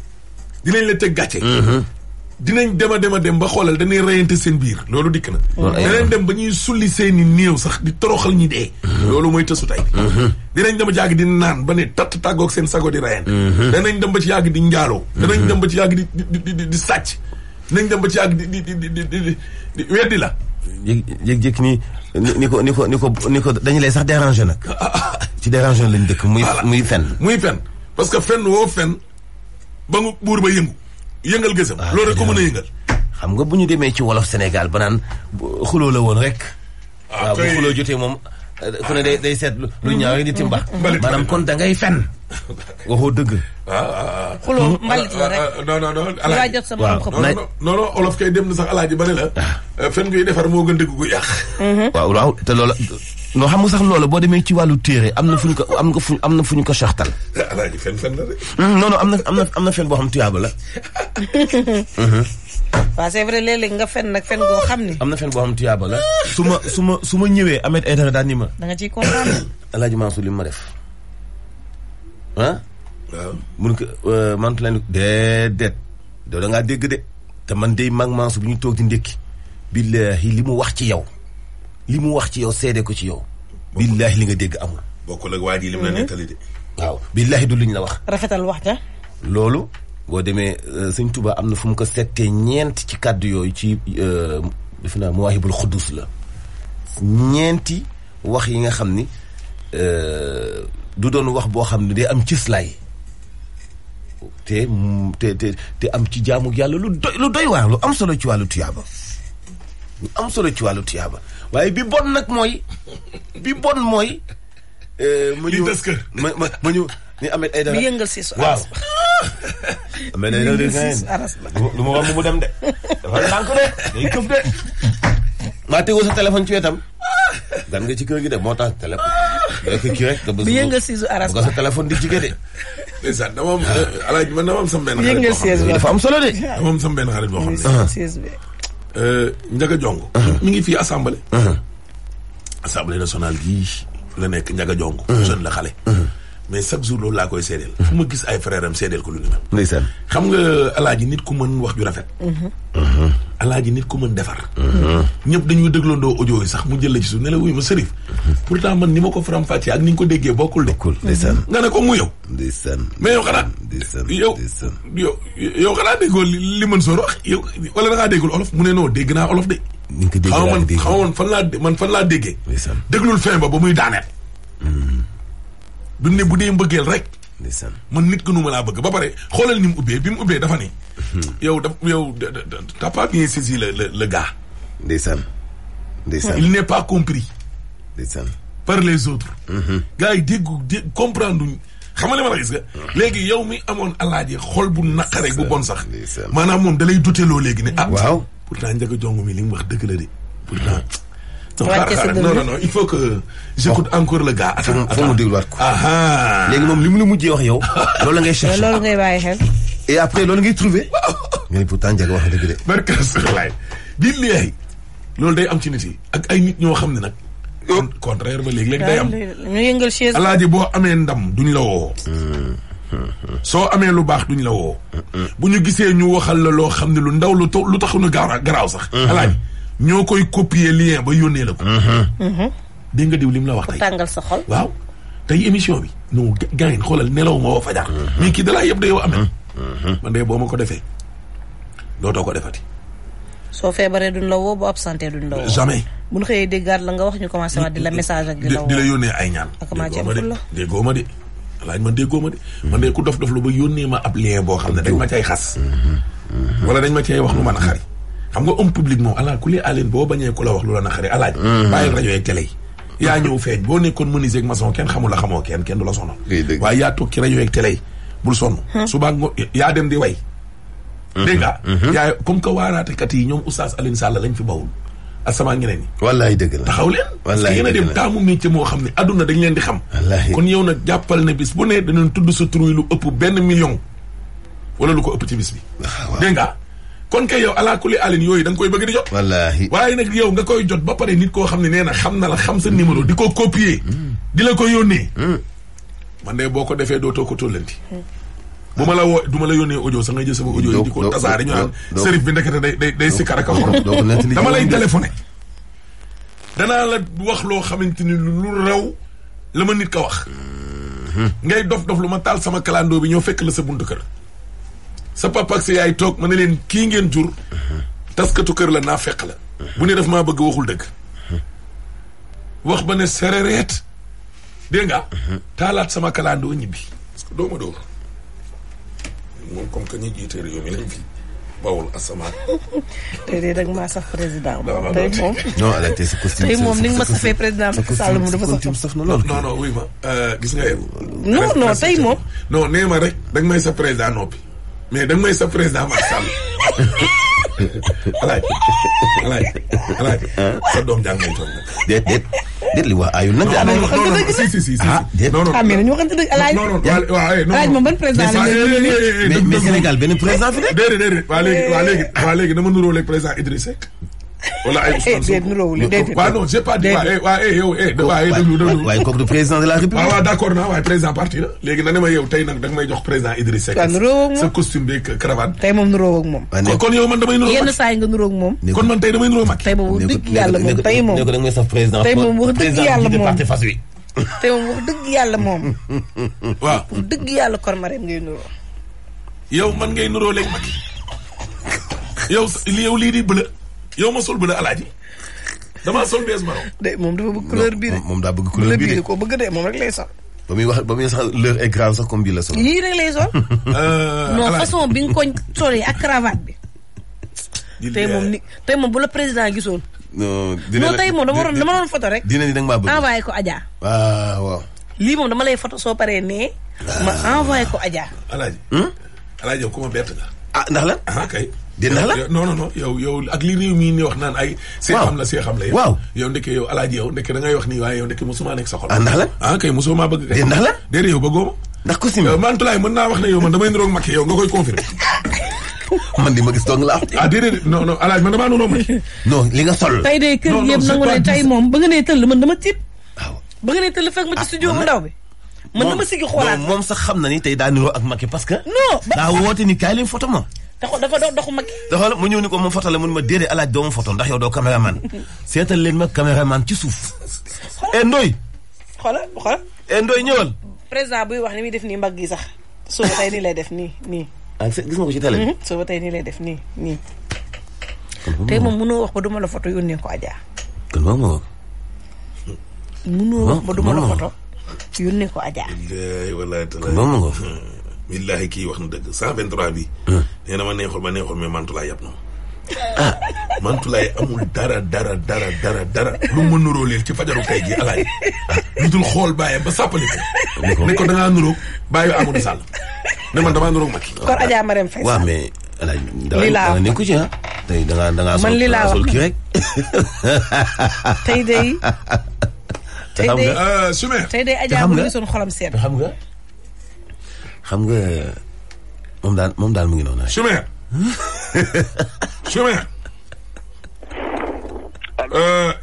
Speaker 2: dinañ la teg gàcce. dinañ dem a dem a dem ba xoolal dañuy reyante seen biir loolu dikk na. danañ dem ba ñuy sulli seen i néew sax di toroxal ñi dee. loolu mooy tësu tay dinañ dem ba ci yàgg di naan ba ne tatt tàggoog seen sago di reyante. danañ dem ba ci yàgg di njaaloo. danañ dem ba ci yàgg di di di di sàcc. dinañ dem ba ci yàgg di di di di di weddi la. jékki-jékki ni ni ko ni ko ni ko ni ko dañu lay sax déranger nag. ci déranger lañ dëkk muy muy fen. muy fen parce que fen woo fen ba nga buur ba yëngu. yëngal gësam. Ah, loolu rek ko mën a yëngal. xam nga bu ñu demee ci wolof Sénégal ba naan xuloo la woon rek. Ah, waaw bu xuloo jotee moom eh, ku ne day day seet lu ñaawee di timba. Mm-hmm. maanaam kon dangay ngay fen [LAUGHS] waxoo dëgg. ah, ah xuloo mm-hmm. mbalit la rek. non non non alaaji jot sama xam non non olof kay dem na sax alaaji bari la. Eh, fen guy defar moo gën dëgg gu yàq. waaw waaw te loola. non xam nga sax loolu boo demee ci wàllu téere am na fu ñu ko am nga fu am na fu ñu ko soxtal. alaaji fen mm, am na am am na fen boo xam tuyaaba la. [LAUGHS]
Speaker 3: waaw c'est vrai nga fen nag fen boo xam ne.
Speaker 2: am na fen boo xam tuyaaba la su ma su ma su ma ñëwee amee Aidara daan ni ma.
Speaker 3: da nga ciy kontaan.
Speaker 2: alaaji Mansour ma def ah. waaw mun ko euh, man leen déedéet doo da ngaa dégg de te man de mag Mansour bi ñu toog di ndékki billaahi li mu wax ci yow. li mu wax ci yow seede ko ci yow. billaahi li nga dégg amul. bokkul ak waa ji lim la mhm. nettali de. waaw billaahi du luñ la wax. rafetal wax ja. loolu boo demee euh, sëñ Tuba am na fu mu ko settee ñeent ci kàddu yooyu ci euh, defe naa Mawaahibul Xuddus la ñeenti wax yi nga xam ni euh, du doon wax boo xam ne day am cëslaay te te te am ci jaamu yàlla lu doy lu doy waar lu am solo ci wàllu tuyaaba lu am solo ci wàllu tuyaaba. waaye bi bon nag mooy bi bon mooy. Euh, ma ñu ma ma ma ñu ni Ahmed Aïdara mi yëngal si su aras ba waaw. [LAUGHS] Ahmed Aïdara de lu ma wax mu dem de. dafa lànk de day këf de. maa tegoo sa téléphone ci wetam. gan nga ci kër gi de moo tax téléphone. léegi kii rek. bi yëngal di jigéen de. ndeysaan dama euh, dama am sama xarit. yëngal si dafa solo de. dama am sama xarit boo xam ne. Euh, Ndiaga Diongo uh-huh. mi ngi fii assemblée uh-huh. assemblée nationale gii la nekk Ndiaga Diongo uh-huh. jeune la xale mais chaque jour laa koy seedeel. fu ma gis ay frères am seedeel ko lu ni mel. ndeysaan xam nga alaaji nit ku mën wax ju rafet. Mm-hmm. alaaji nit ku mën defar. Mm-hmm. ñëpp dañuy dégloondoo audio yi sax mu jël la ci suuf ne la wuy ma sërif. Mm-hmm. pourtant man ni ma ko faram fàccee ak ni ko déggee bokkul de. nga ne ko mu yow. ndeysaan mais yow xanaa. ndeysaan yow yow yow xanaa déggoo li mën soor wax yow wala da ngaa déggul olof mu ne non dégg naa olof de. ni nga ko déggee xaw man fan laa man fan laa déggee. déglul fin ba ba muy daaneel. du ne bu dee mbëggeel rek. man nit ku nu ma laa bëgg ba pare xoolal ni mu ubbee bi mu ubbee dafa ni. Mhm. yow da yow t'as pas bien saisi le le le gars. ndeysaan ndeysaan il n'est pas compris. par les autres. Mhm. gars yi dégg dégg comprendre luñ xam nga ma la gis mhm. léegi yow mi amoon alaaji xol bu naqare bu bon sax. maanaam moom dalay duteloo léegi ne ah. waaw pourtant Ndiaga Diongue mi li mu wax dëgg la de pourtant. non non non il faut que j'écoute encore le gars. attends attends mu dégluwaat ah, ah. li mu la mujjee wax yow. [LAUGHS] loolu la ngay cherché loolu ngay bàyyi xel. et ngay trouvé. mais pourtant Ndiaga wax dëgg de. barke loolu day am ci nit yi ak ay nit ñoo xam ne nag. contraire ba léegi léegi day am
Speaker 3: ñu yëngal chaise.
Speaker 2: boo amee ndam duñ la woo. Hmm. Hmm. soo amee lu baax duñ la woo. Hmm. bu ñu gisee ñu waxal la loo xam ne lu ndaw lu tax lu tax nu garaaw sax. alaaji. ñoo koy copier lien ba yónnee la ko. Mhm. Mhm. dégg nga diw li mu la wax tey
Speaker 1: tàngal sa waaw
Speaker 2: tey émission bi. non gars yi xoolal nelaw moo woo fajar. Mhm. mais kii dalaa yëpp day yow amee. boo ma ko defee dootoo ko defati.
Speaker 3: soo feebaree duñ la woo bu absenté duñ la woo. jamais. bu ñu xëyee déggaat la nga wax ñu commencé waat di la message ak. di la woo di la
Speaker 2: yónnee ay ñaan. déggoo ma de laaj man déggoo ma de. man de ku dof dof la ba yónnee ma ab lien boo xam ne dañ ma cay xas. wala dañ ma cay wax lu man a xari xam nga homme public moom ala ku li àlin boo bañee ku la wax lu la naqari alaaj mm-hmm. bàyyil rajo yeeg télé yi yaa ñëw feeñ boo nekkoon menuisier ma maçon kenn xamul a xamoo kenn kenn du la sonal yaa toog ci rajo yeeg télé yi bul sonn hmm. suba nga yaa dem di way mm-hmm. dégg nga mm-hmm. yaa comme que waaraatekat yi ñoom oustaz Alioune Sall lañ fi bawul asamaa ñeneen ñi wallaay dëgg la taxaw leen parce que yéen a dem taamu métier moo xam ne adduna dañ leen di xam kon yow na jàppal ne bis bu ne danañ tudd sa turuy lu ëpp benn million wala lu ko ëpp ci bis bi ah, dégg nga kon kay yow ala kulli alin yooyu da koy bëgg di jot. wallaahi waaye nag yow nga koy jot ba pare nit koo xam ne nee na xam na la xam sa numéro di ko copier. Mm. di la ko yónnee. Mm. man de boo ko defee dootoo ko tóllanti. Mm. bu ma la woo du la yónnee audio sax nga jël sama audio yi di ko tasaare ñu naan sërif bi ndekete day day day sikkar ak a xorom dama lay téléphoné. danaa la wax loo xamante ni lu raw la ma nit ka wax. Mm-hmm. ngay dof dof lu ma taal sama kalandoo bi ñoo fekk la sa bunt kër. sa papa ak sa yaay toog ma ne leen kii ngeen jur taskatu kër la naa fekk la bu ne daf maa bëgg waxul dëgg wax ba ne serereet dégg nga taalaat sama kalaandoo ñibbi parce que dooma dooma moom comme que ñu jiite réew mi lañ [LAUGHS] tey
Speaker 3: sax président. moom tey moom.
Speaker 2: non moom ni nga ma safee président Macky Sall mu
Speaker 3: dafa saf na lool. non
Speaker 2: non ma euh, gis nga yow. non non tey moom. non nee ma rek dag may sa président noppi. mais danga may sa président Macky Sall alaaj alaaj alaaj sa doom jàng nañ toog nag déet déet déet li waa ayul nag
Speaker 1: si si si ah, non non ah, mais dañu waxante dëgg alaaj eh, alaaj moom ban président la mais
Speaker 2: Sénégal benn président fi de déedéet déedéet waa léegi waa léegi waa léegi dama nuróoleeg président Idriss Seck
Speaker 1: wala ay Ousmane Sonko waaw non
Speaker 2: j'ai pas dit eh, eh, eh, waaye yow waaye déglu déglu waaye kooku du président de la république waaw ah, waaw d'accord naa parti na léegi na ne ma nag may jox président Idriss Seck costume bi cravate tey moom nuróo ak kon yow man damay nuróo yenn
Speaker 3: saa yi nga nuróo ak moom wax dëgg
Speaker 2: yàlla moom tey moom da wax dëgg yàlla moom parti wax
Speaker 3: dëgg yàlla moom waaw wax dëgg yàlla kon ma rek ngay nuróo yow
Speaker 2: man ngay nuróo léegi mag yow yow lii di bëla yow ma sol bu la alaaji damaa sol bees marron. de moom dafa bëgg couleur bii de. moom daa bëgg couleur bii de ko bëgg de moom rek lay sol. ba muy wax ba muy sax l'heure est grave sax comme bii la sol.
Speaker 3: yii [LAUGHS]
Speaker 2: euh,
Speaker 3: façon bi nga ko solee ak cravate bi. tey moom ni moom bu la président gisoon.
Speaker 2: non dina la non tey moom dama doon dama
Speaker 3: doon rek. dina ni da nga maa bëgg envoyé ko Adja.
Speaker 2: waaw waaw.
Speaker 3: lii moom dama lay photo soo paree nee. ma ah. envoyé ko Adja.
Speaker 2: alaaji. Hmm? alaaji ma bett nga. ah ndax la. Ah, dina la non non non yow yow ak li réew mii ni wax naan ay. see xam la see xam la yow. waaw yow ndekkee yow alaaji yow ndekkee da ngay wax nii waaye yow ndekkee mosuma nekk sa xol. ah ndax la ah kay mosoo maa bëgg. kay ndax man Tulaay man damay niroog yow nga [LAUGHS] ah, [LAUGHS] li nga sol. tey de kër yëpp nangu ne tey
Speaker 3: moom ba nga nee tëll man ba nga nee
Speaker 4: tëll fekk ma ci ah, studio
Speaker 2: bu ndaw bi. man dama moom sax xam na ni tey daa niroo ak Macky parce que. non daa woote ni kaay leen photo
Speaker 3: dafa dafa dox doxu mag.
Speaker 2: [LAUGHS] dafa mu ñëw ni ko mu fotale mun ma déedéet alaaj doomu foto ndax yow doo caméraman seetal leen ma caméraman ci suuf. xoolal eh, Ndoye.
Speaker 3: xoolal eh, ñëwal. président buy wax ni muy def nii mbagg yi sax suba tey lay def nii nii. ah gis mhm, tey nii lay def nii nii. tey moom wax ba duma la foto yónnee ko Adja. kon moom moo. mënoo wax
Speaker 2: ba billaahi kii wax na dëgg 123 bi. nee na ma neexul ma neexul mais Mantoulaye yab na ma. ah Mantoulaye amul dara dara dara dara dara lu mu nuróo leel ci fajaru tey jii alaay ah. lu xool bàyyam ba sàppali ko. Ah, ne ko da ngaa nuróog bàyyi Amadou Sall ne man damaa nuróog Macky.
Speaker 3: kon Adja
Speaker 1: Marème Faye waaw
Speaker 2: mais. lii laa wax nekku ci ah. da ngaa da ngaa sol man lii laa wax sol kii rek. tey de. [LAUGHS] tey de euh, tey de Adja mu
Speaker 3: xam nga.
Speaker 2: xam nga moom daal daal mu ngi noonu rek. Choumer. Choumer.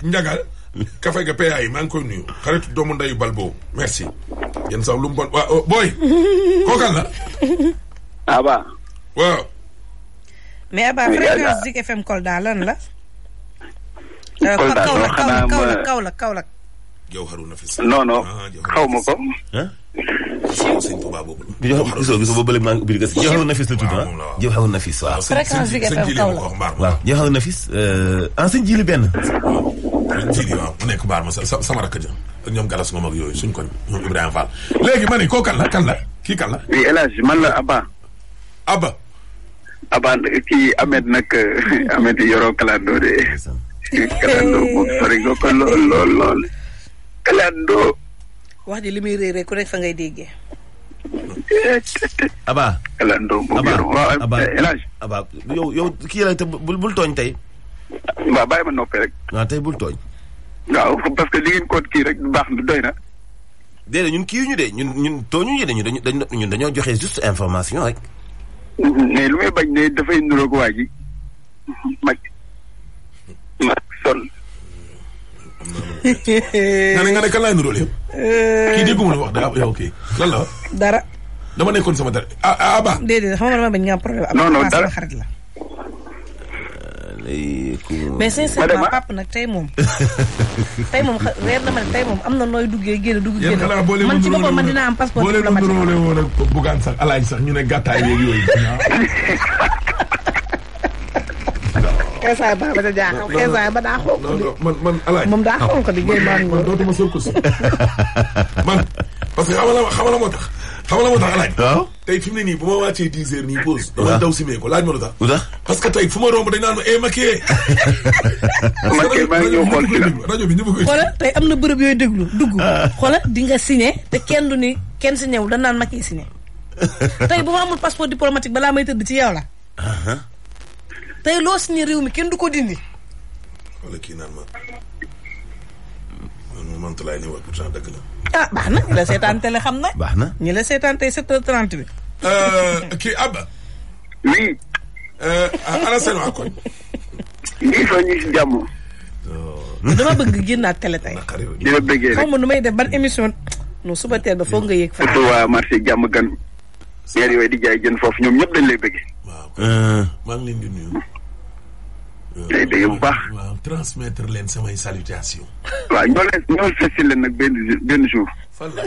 Speaker 2: Ndiagal. kafe ga PA yi maa ngi koy nuyu. xaritu doomu ndeyu Balbo merci. yenn saa lu mu bon waaw oh, booy. kookan la. Ah, Aba. waaw. mais Aba fréquence
Speaker 3: Zik FM Kolda lan la.
Speaker 2: Kolda euh, Kaolack Kaolack
Speaker 3: Kaolack Kaolack.
Speaker 1: jawharu nafis non
Speaker 2: non ah, xaw ma ko. sëñ Tuubaa boobu la. jawharu gisoo gisoo nafis la tudd ah. ah. jawharu nafis waaw. fréquence Zik euh, benn. jili waaw nekk baar ma sa sama rakk ja ñoom galas nga mag yooyu suñ koñ ñoom Ibrahima Fall léegi ma ne koo kan la kan la kii kan man la Abba. Abba.
Speaker 4: Abba kii Ahmed nag Ahmed yoroo kalandoo de. kalandoo moom sori nga ko lool lool. kalandoo.
Speaker 1: wax
Speaker 3: ji li muy réeré ku nekk sa ngay déggee. [LAUGHS]
Speaker 4: Aba. kalandoo boobu yor
Speaker 2: waaw Aba eh, Aba yow yow kii la te bul tooñ tey. waaw bàyyi ma noppee rek. waaw tey bul tooñ. waaw parce que li ngeen ko kii rek baax na doy na. déedéet ñun kii ñu de ñun ñun tooñu ñu de ñun dañu ñun dañoo joxe juste information rek.
Speaker 4: Mm-hmm. mais lu may bañ ne dafay niroog waa ji. ma ma
Speaker 2: [LAUGHS] nga ne nga ne kan laay nuróole eh. kii dégguma la wax daa yow kii lan la wax. dara. dama nekkoon sama dara
Speaker 3: ah ah Ba. déedéet xam nga man bañ nga am problème. non non dara xarit la. mais tey moom tey moom leer na ma am na nooy duggee génn dugg génn
Speaker 2: man ci boppam man dinaa am passeport diplomatique boo leen nuróole woon ak sax alaaj sax ñu ne gàttaay yeeg yooyu [LAUGHS]
Speaker 1: xeesaay ba ba jaaxal xeesaay ba
Speaker 2: daa xonk di man man alaay moom daa xonk di géy man ko si man parce que xamala xamala moo tax xamala moo tax alaaj waaw tey fi ko laaj ma que tey fu ma romb dañ naan ma eh [LAUGHS]
Speaker 3: bi ñëpp koy am na bërëb yooyu déglu dugg ah. xoolal di nga signé te kenn du ni kenn signé wul dañ naan maquillé signé
Speaker 4: [LAUGHS] tey
Speaker 3: bu ma amul passeport diplomatique balaa may tëdd ci yow la ah, ah. tey loo si ne réew mi kenn du ko dindi.
Speaker 2: kii naan ma man man dëgg la.
Speaker 3: ah baax na ñu la seetaan télé xam na. baax na ñu la seetaan tey 7h30 bi. Euh, kii ab oui. Euh, Alassane ah, waa koñ. ñu fa ñu si jàmm. Oh. dama bëgg génnaat télé tey.
Speaker 4: dina bëggee rek ma
Speaker 3: nu may def ban émission. non suba teel ba foog nga yéeg
Speaker 4: fa. surtout waa marché jàmm gan. maire yooyu di jaay jën foofu ñoom ñëpp dañ lay
Speaker 2: bëggee. Euh. maa ngi leen di nuyu. Euh, tey dégg bu baax. waaw leen samay salutation
Speaker 4: waaw ñoo leen ñoo festi leen nag
Speaker 2: benn benn jour. fan la.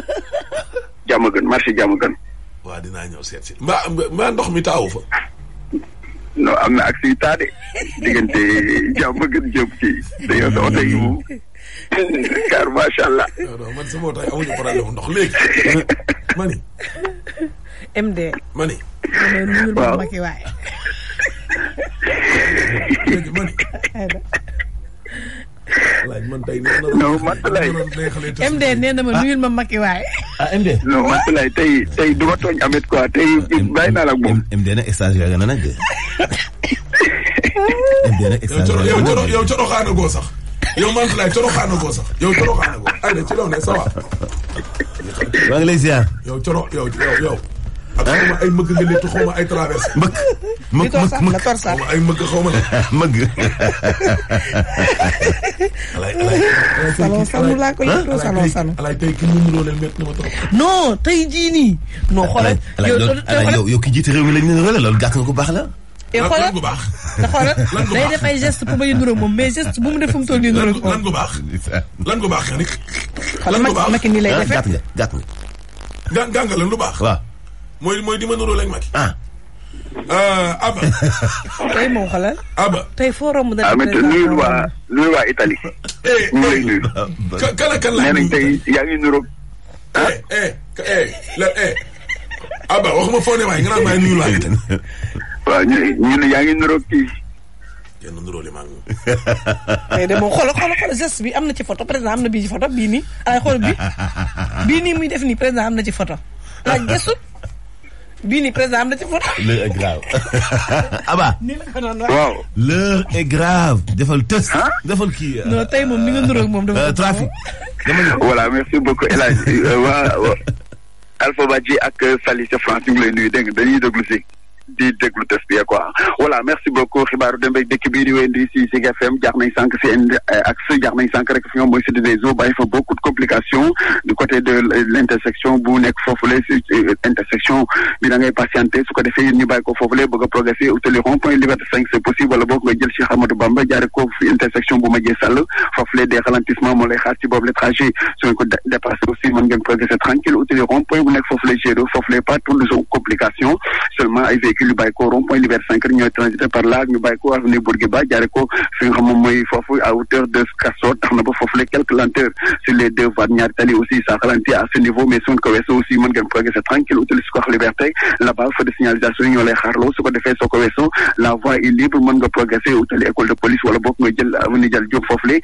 Speaker 2: jàmm gën marché jàmm gën. waaw dinaa ñëw seet si mbaa mbaa ndox mi taawu fa. non am na accès yu taa de diggante jàmm gën jëm ci te yow sa oto yi moom. car allah. man sama oto yi amuñu problème ndox léegi.
Speaker 3: [LAUGHS] MD. ma ni. ma ki waaye. léegi ma ni.
Speaker 2: walaay man tey nee na. MD
Speaker 3: nee ma nuyul ma Macky waaye.
Speaker 2: ah MD. non Matalaye tey tey du tooñ amet quoi tey ah, bàyyi naa la MD nag stage yàgg na nag MD nag stage yàgg coro xaana goo sax yow Matalaye coro xaana goo sax yow coro xaana goo aywa ak xaw ma ay mëgg nga léttu xaw ma ay traversé. mbëkk mëgg mëgg xaw ma ay mëgg xaw ma ne. mëgg. [LAUGHS]
Speaker 3: alaay alaay. salon sanu laa koy yëngoo salon
Speaker 2: sanu. alaay tey ki mu mënuloo leen métti na
Speaker 3: ma trop. non tey jii nii. non xoolal yow
Speaker 2: yow ki jiite réew mi lañ leen rële loolu gàtt nga ko baax la. Eh, lan lan gu baax te xoolal [LAUGHS] day def ay
Speaker 3: geste pour bañ a niróo moom mais geste bu mu
Speaker 2: def fu mu toll nii niróo lan gu baax lan gu baax lan gu baax. lan gu baax xoolal Macky nii lay ah, defee gàtt nga gàtt nga. gànga lan lu baax waaw. mooy mooy di ma nuróo lañ Macky. ah.
Speaker 4: Euh, Aba.
Speaker 3: [LAUGHS] tey moo xalal. Aba tey foo romb da.
Speaker 2: amit nuyul waa
Speaker 4: nuyul waa Italie. Eh, eh. ñu ngi lay nuyu. kan ak kan la nee nañ tey yaa ngi nuróo.
Speaker 2: ah eh, eh eh la eh. Aba waxuma foo ne waaye nga naan maa ngi nuyul waa Italie. waaw ñu ñu ne yaa ngi nuróo kii. kenn nuróo li maa ngi. mais de moom xoolal xoolal xoolal geste
Speaker 3: bi am na ci photo président am na bii ci photo bii nii ay xool bi bii nii muy def nii président am na ci photo laaj gëstu. bii nii président am na ci fa.
Speaker 2: l'heure est grave. [LAUGHS] Aba. waaw. l'heure e grave. defal test. defal
Speaker 4: kii. Euh, non
Speaker 3: tey moom ni nga nuróog moom.
Speaker 4: dafa euh, trafic. voilà merci beaucoup El Hadj. Euh, waa Alpha Badji ak Sali sa France ñu ngi lay nuyu dégg nga dañuy déglu si. di déglu def bi quoi voilà merci beaucoup xibaaru dem bii di wéyandi si Zik FM jaax nañ sànq si indi eh, ak si jaax nañ sànq rek fi nga mooy sud des eaux bàyyi fa beaucoup de complications du côté de intersection bu nekk foofule intersection bu Madié Sall foofule des ralentissements moo lay xaar ci le trajet su ko dépassé aussi mën ngeen progresser tranquille utali rond point bu nekk foofule Gédo pas tout de complication seulement ay véhicule Liberté 5 ñooy transiter par là ñu bàyyi ko avenue Bourguiba jaare ko fi nga xam moom mooy à hauteur de Castor tax ba foofu la quelques lenteurs sur les deux voies ñaari tali aussi ça ralentit à ce niveau mais su ko weesoo aussi mën ngeen progresser tranquille utilise ko Liberté là-bas de signalisation yi ñoo lay xaarloo su ko defee soo ko weesoo la voie est libre mën nga progresser utali école de police wala boog nga jël avenue Dial Diop foofu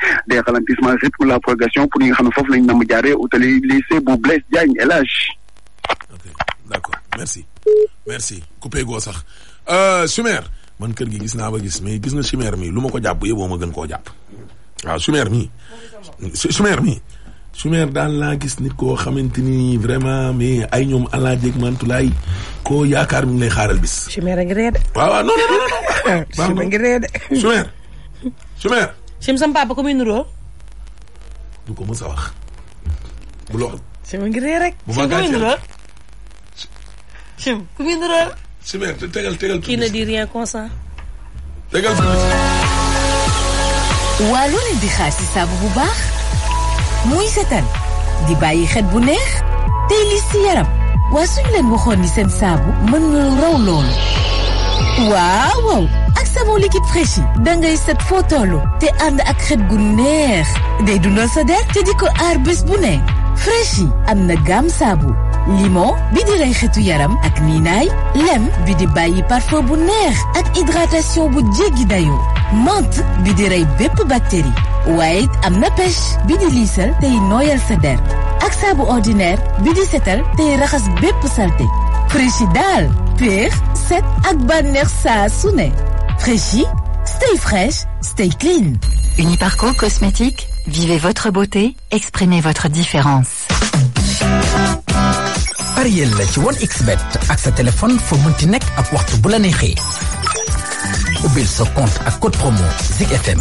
Speaker 2: merci coupé goo sax Chimère euh, man kër gi gis naa ba gis mais gis nga Chimère mii lu ma ko jàpp yóbboo ma gën koo jàpp waaw Chimère mii. Chimère mii. Chimère daal laa gis nit koo xamante vraiment mais ay ñoom allah jeeg mantulaay koo yaakaar mi ngi lay xaaral bis.
Speaker 3: Chimère a ngi ree de.
Speaker 2: waaw waaw non non
Speaker 3: non. Chimère [LAUGHS] a ngi ko muy nuroo.
Speaker 2: du ko mës a wax. bu loxo.
Speaker 3: Chimère a ngi ree rek. bu Chim ku muy niróol. Chimère te tegal kii na di rien consent. tegal publicité. waa lu leen di xaar saabu bu baax muy setan di bàyyi xet bu neex tey li yaram waa suñu leen waxoon ni seen saabu mën na lu raw loolu. waaw waaw ak savon liquide fraîche yi da ngay set foo te ànd ak xet gu neex day dundal sa der te di ko aar bu ne fraîche yi am na gaam saabu. limon bi di rey xetu yaram ak niinaay lem bi di bàyyi parfum bu neex ak hydratation bu jéggi dayoo menthe bi di rey bépp bactérie waaye am na pêche bi di liisal tey nooyal sa der ordinaire bi di setal tey raxas bépp salte Fréchi daal péex set ak bànneex saa su ne Fréchi stay fresh stay clean Uniparco
Speaker 4: cosmétique vivez votre beauté exprimez votre différence
Speaker 1: pariel la ci 1xbet ak sa téléphone foo mënti nekk ak waxtu bu la neexee ubbil sa compte ak code promo Zig FM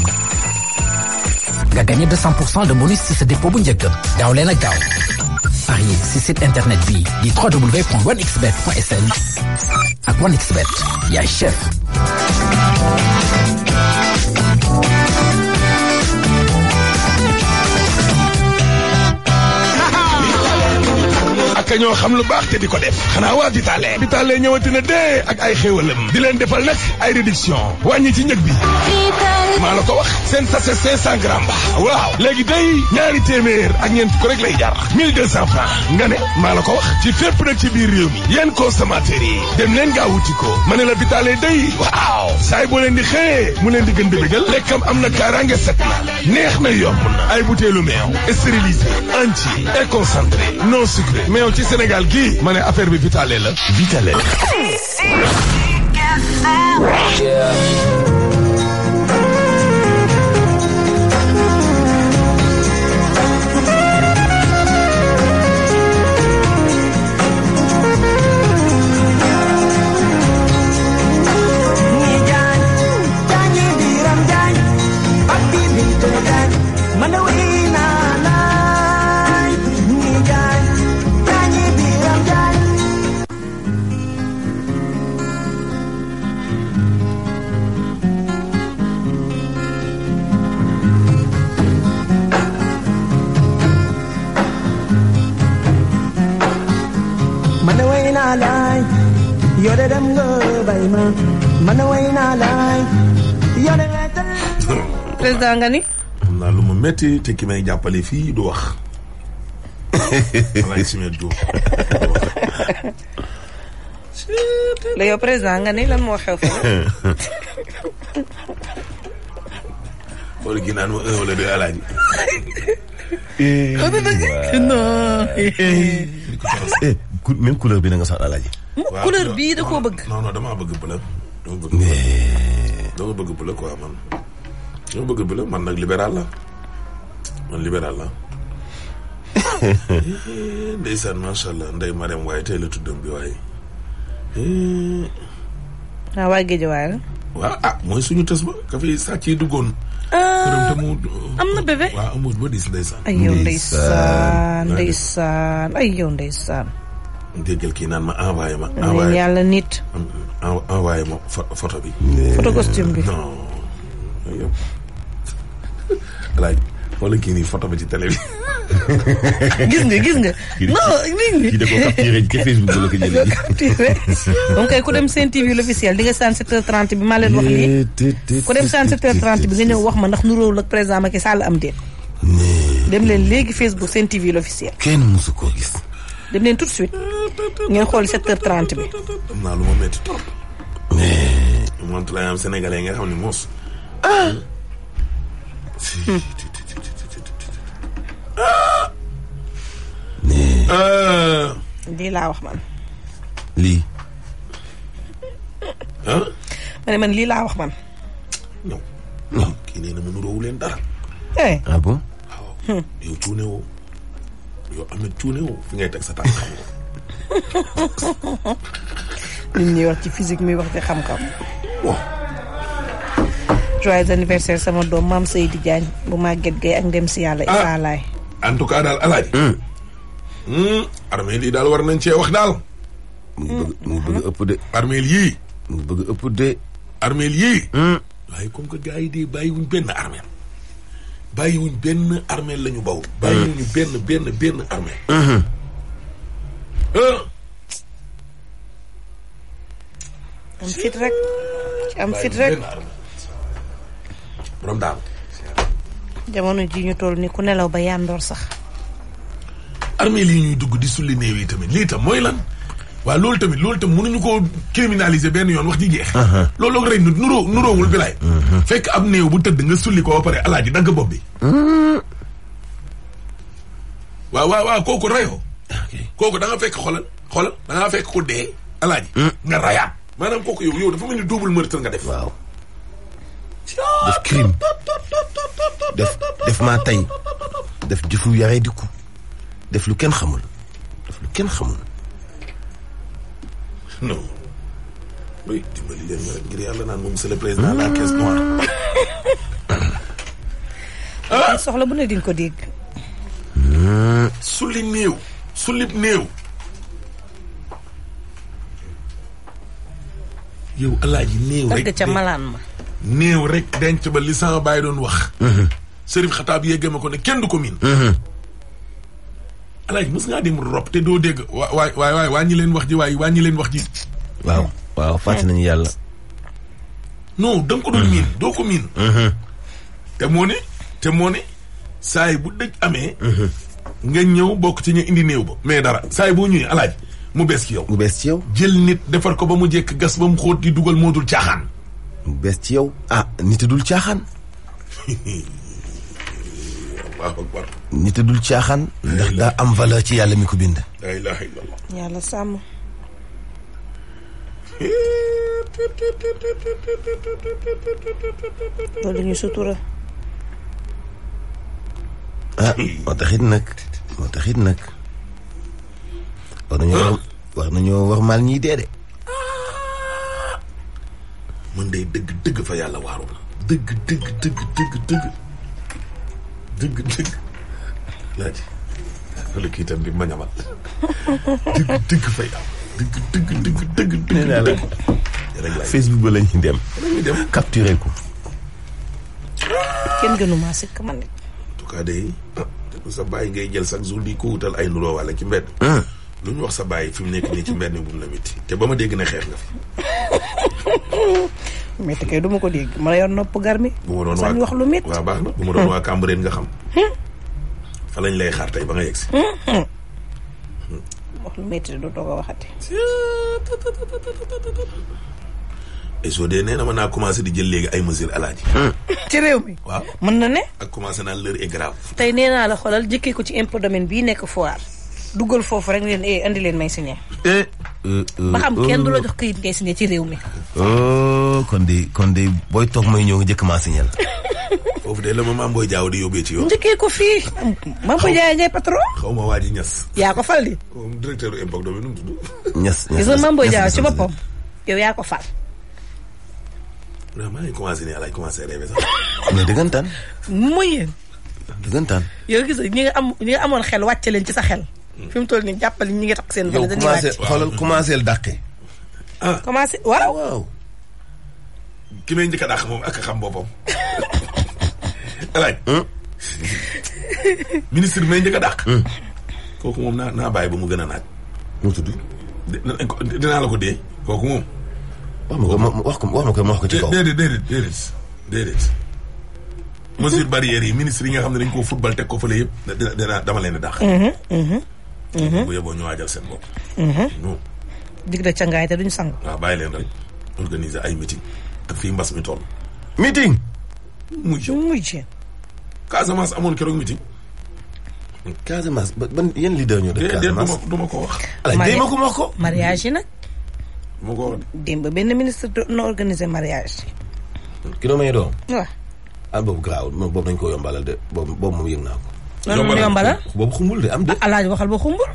Speaker 1: nga gagné 200 pour cent de bonus ci sa dépôt bu njëkk daaw leen ak daaw parier ci site internet bi di www.1xbet.sn ak 1xbet yaay chef
Speaker 2: aka ñoo xam lu baax te di ko def xanaa waa Vitale Vitale ñëwati na dee ak ay xéewalam di leen defal nag ay réduction wàññi ci njëg bi la ko wax seen sachet 500 grammes ba waaw léegi day ñaari téeméer ak ñeent ko rek lay jar 1200 francs nga ne maa la ko wax ci fépp nag ci biir réew mi yéen consommateurs yi dem leen ngaa wuti ko ma ne la vitale day waaw saay boo leen di xëyee mu leen di gën di lekkam am na kaaraange set na neex na yomb na ay butéelu meew stérilisé anti et concentré non sucré meew ci senegal gii ma ne affaire bi vitale la vitale
Speaker 1: Yeah. naa laay yoo de dem nga bay ma
Speaker 3: man way naa laay yoo de président nga ni
Speaker 2: xam naa lu mu métti te ki may jàppale fii du wax walaay simet du
Speaker 3: la [LAUGHS] yow président nga ni lan moo xew fa
Speaker 2: [LAUGHS] wala gi naan ma un wala même couleur bi na nga sax alaaji. waaw couleur bii da koo bëgg. non non damaa bëgg bëgg bleu man. dama bëgg bleu man nag la man libéral la. [LAUGHS] Eh, ndeysaan allah ndey Mariam waaye tey la tuddam bi waaye. Eh.
Speaker 3: waaw ah, waay géej waay la.
Speaker 2: waaw ah mooy suñu tës ba ka fi sàcc yi duggoon.
Speaker 3: Ah, am na bébé.
Speaker 2: waaw amul ba dis ndeysaan.
Speaker 3: ay yow ndeysaan
Speaker 2: déggal kii naan ma envoyé ma. envoyé
Speaker 3: yàlla nit.
Speaker 2: envoyé ma photo bi. photo costume bi non. alaaj wala kii nii photo bi. [LAUGHS] gis nga gis
Speaker 1: nga. non
Speaker 3: nit
Speaker 4: ñi kii da koo capturé ci Facebook ko
Speaker 3: jëlee. [LAUGHS] donc kay ku dem Sen TV l'officiel di nga saan 7h30 bi maa leen wax
Speaker 4: nii. ku dem
Speaker 3: saan 7 bi nga ñëw wax ma ndax nuróowul ak président Macky Sall am déet. dem leen léegi Facebook Sen TV l'officiel.
Speaker 2: kenn mësu koo
Speaker 3: gis. dem leen tout de suite. ngeen xool 7h30 bi.
Speaker 2: am naa lu ma métti trop. mais moom lay am sénégalais nga xam ne moos.
Speaker 4: ah.
Speaker 3: lii laa wax man. lii. man lii laa wax man.
Speaker 2: non non kii nee na ma nuróowu leen dara.
Speaker 3: Eh. ah bon. waaw ah. hmm.
Speaker 2: yow cuune woo yow am na cuune woo fi ngay teg sa tànk
Speaker 3: ñun ñuy wax ci physique muy wax ci xam-xam. joyeux anniversaire sama doom maam Seydi Diagne bu Maguette Gueye ak ndem si yàlla. Ah. Issa Laye
Speaker 2: en tout cas daal alaaj. Hmm. Hmm. armeel yi daal war nañ cee wax daal. mu ngi bëgg mu ngi bëgg ëpp de. armeel yii. Hmm. waaye comme que gars yi de bàyyiwuñ benn armeel. bàyyiwuñ benn armeel lañu ñu baw. bàyyiwuñu benn benn benn armeel.
Speaker 3: am fit rek am fit rek. borom daal. jamono ji ñu toll ni ku nelaw ba yàndoor sax.
Speaker 2: armée lii ñuy dugg di sulli néew yi tamit lii tam mooy lan waaw loolu tamit loolu tam mënuñu ko criminaliser benn yoon wax ji jeex. Uh-huh. loolu ak rey nu nuroo nuroowul bi laay. Uh-huh. fekk ab néew bu tëdd nga sulli ko ba pare alaaji dagg bopp bi. waaw uh-huh. waaw waaw kooku kooku da nga fekk xoolal fekk ku dee alaaji nga rayaat maanaam kooku yow yow dafa mel ni double meurtre nga def waaw def crime def def maa tay def def lu kenn xamul def lu kenn xamul non oui dimbali leen rek ngir yàlla naan moom monsieur le président la caisse noire soxla bu su li néew sulib néew yow yi néew rek ca malaan ma néew rek denc ba li sama bàyyi doon wax mhm. sërif xataab yéggee ma ko ne kenn du ko miin mhm. alaaji mës ngaa dem rob te doo dégg waa waay waay waay wàññi leen wax ji waay wàññi leen wax ji waaw waaw fàtte nañu yàlla non da ko doon miin mhm. doo ko miin te moo ne te moo ne saay bu dëj amee nga ñëw bokk ci ñu indi néew ba mais dara saay yi boo ñëwee alaaj mu bees ci yow. mu bees ci yow. jël nit defar ko ba mu jekk gas ba mu xóot di dugal moo dul caaxaan. mu bees ci yow ah nit dul caaxaan. [LAUGHS] nit dul caaxaan. ndax daa am valeur ci yàlla mi ko bind. la
Speaker 4: ilaha illallah.
Speaker 3: yàlla sàmm. [LAUGHS] loolu ñu sutura.
Speaker 2: ah moo taxit nag moo taxit nag war nañoo war nañoo war maal ñiy dee de. mën day dëgg dëgg fa yàlla waaru na. dëgg dëgg dëgg dëgg dëgg dëgg dëgg laaj wala kii itam bi ma ñamal dëgg dëgg fa yàlla dëgg dëgg dëgg dëgg dëgg dëgg Facebook ba la ñuy dem. la ñuy dem capturé ko.
Speaker 3: kenn gënu maa sëkk man de.
Speaker 2: tout cas day ah sa bàyyi ngay jël chaque jour di ko wutal ay nuroo wala ci mbedd. Ah. lu ñu wax sa bàyyi fi mu nekk nii ci mbedd mi bu la métti te ba ma dégg na xeex nga fi.
Speaker 3: [LAUGHS] métti kay du ma ko dégg ma yor nopp gar mi. bu ma doon waa wax lu na bu ma doon waa
Speaker 2: Cambérène nga xam. Hmm? fa lañ lay xaar tey ba nga yegg si.
Speaker 3: Hmm, hmm. wax lu métti du doog a waxati.
Speaker 2: SOD nee na mën naa commencé di jël léegi ay mesures alaaji. Hmm. ci réew mi. waaw mën na ne. ak commencé naan l'heure est grave.
Speaker 3: tey nee naa la xoolal jëkkee ko ci impôt domaine bii nekk foire duggal foofu rek leen eh andi leen may signé.
Speaker 2: Eh, eh, eh, ba xam kenn du la jox
Speaker 3: këyit ngay signé ci réew mi.
Speaker 2: Oh, kon de kon de booy toog may ñëw nga jëkk maa signé [LAUGHS] de la ma maam booy jaaw di yóbbee ci yow.
Speaker 3: ko fii. maam booy jaay ngay patron.
Speaker 2: xaw ma waa ji ñas. yaa ko fal di. directeur impôt domaine nu mu tudd. ñas
Speaker 4: ñas
Speaker 3: gis nga ci boppam yow yaa ko fal.
Speaker 2: vraiment maa ngi a nii alaay commencé rêvé sax. mais dëggantaan. mooy yéen. dëggantaan.
Speaker 3: yow gis ñi nga am ñi amoon xel wàcce leen ci sax xel. Hmm. fi mu toll nii jàppale ñi nga takk seen.
Speaker 2: yow commencé xoolal commencé dàqe.
Speaker 3: ah commencé waaw ah, waaw.
Speaker 2: ki may ak xam boppam. [LAUGHS] alaay. Hmm? ministre bi hmm. kooku moom naa naa ba mu gën a naaj. moo tudd. dinaa la ko dee. kooku moom. wax ma ko wax ko wax ma ko ma wax ko ci kaw. déedéet déedéet déedéet déedéet. yi ministre yi nga xam ne dañ koo football teg ko fële yëpp. dina dama leen a dàq.
Speaker 3: Mm-hmm, mm-hmm, mm-hmm. bu
Speaker 2: yeboo ñu waajal seen bopp.
Speaker 3: ñu. dig da cangaay te duñu sang.
Speaker 2: bàyyi leen rek organiser ay meeting. ak fii mbas mi toll. meeting.
Speaker 3: muy jëm muy jëm.
Speaker 2: Casamance amoon keroog meeting. Casamance ba ban yan leader ñoo def. Casamance du ma ko wax.
Speaker 3: ala déedéet ma ko yi nag. moo ko benn ministre na organiser mariage. ki doon may doom. waaw.
Speaker 2: ah boobu garaawul moom boobu dañu ko yombalal de boobu moom yëg naa ko.
Speaker 3: Ah, yombalal yombalal
Speaker 2: xumbul de am de.
Speaker 3: Ah, alaaj waxal ba xumbul.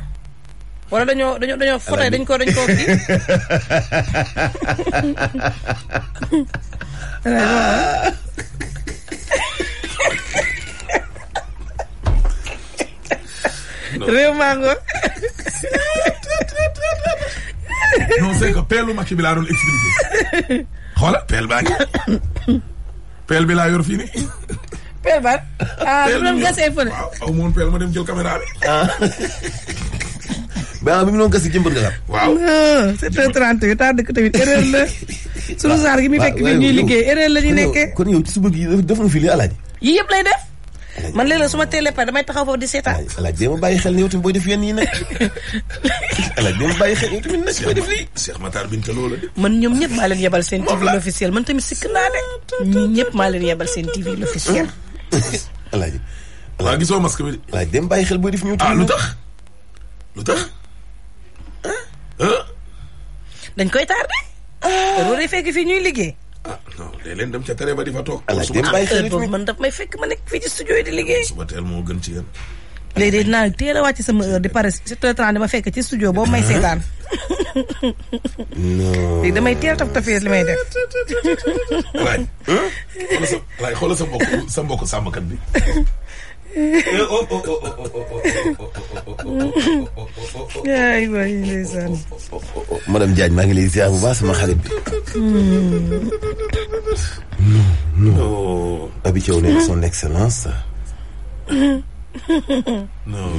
Speaker 3: wala dañoo dañoo dañ ko dañ ko
Speaker 4: [LAUGHS]
Speaker 1: [LAUGHS] réew maa [LAUGHS] [LAUGHS] non c'est ko
Speaker 2: peelu Macky bi laa doon expliqué [LAUGHS] xoolal peel baa
Speaker 3: ngi
Speaker 2: peel bi laa yor fii nii.
Speaker 3: peel ba ah bu doon gasee fële. waaw
Speaker 2: aw moon peel ma dem jël caméra bi. ah. ba mi ngi doon gas yi trente huit taa dëkk tamit erreur la. [LAUGHS] sunu saar
Speaker 3: gi mi fekk bi ñuy liggéey erreur la ñu
Speaker 2: kon yow ci suba gi def nga fi li alaaji.
Speaker 3: yëpp lay def. man lee léeg su ma teelee pare damay taxaw foofu di seetaan.
Speaker 2: alaaj dee ma bàyyi xel ne yow tamit booy def yenn yi nag [LAUGHS] alaaj dee ma bàyyi xel yow tamit nag def lii. Cheikh Matar Binta loola de.
Speaker 3: man ñoom ñëpp maa leen yebal seen TV l'officiel man tamit sikk naa de ñoom ñëpp maa leen yebal seen TV l'officiel.
Speaker 2: [LAUGHS] alaaj. waaw gisoo masque bi de. alaaj dee ma bàyyi xel booy def ñëw ah, tamit. ah lu tax lu tax.
Speaker 3: dañ koy tardé. loolu ah. fekk fii ñuy liggéey.
Speaker 2: ah non léeg-léeg dem ca ba di fa toog. alaaj dem bàyyi ah, man daf may fekk ma nekk fii ci studio yi di liggéey. moo gën ci yéen.
Speaker 3: léegi dinaa teel a wàcc sama heure di pare surtout temps dama fekk ci studio boobu may seetaan. léegi damay teel taf tafees li may def.
Speaker 2: alaaj xoolal sa alaaj sa mbokk sa mbokk sàmmkat bi.
Speaker 4: ay waay ndeysaan.
Speaker 2: madame Diagne maa ngi lay ziar bu baax sama xarit
Speaker 4: bi. non.
Speaker 2: Hmm. Oh, Abi Thiaw nekk hmm. son excellence. non.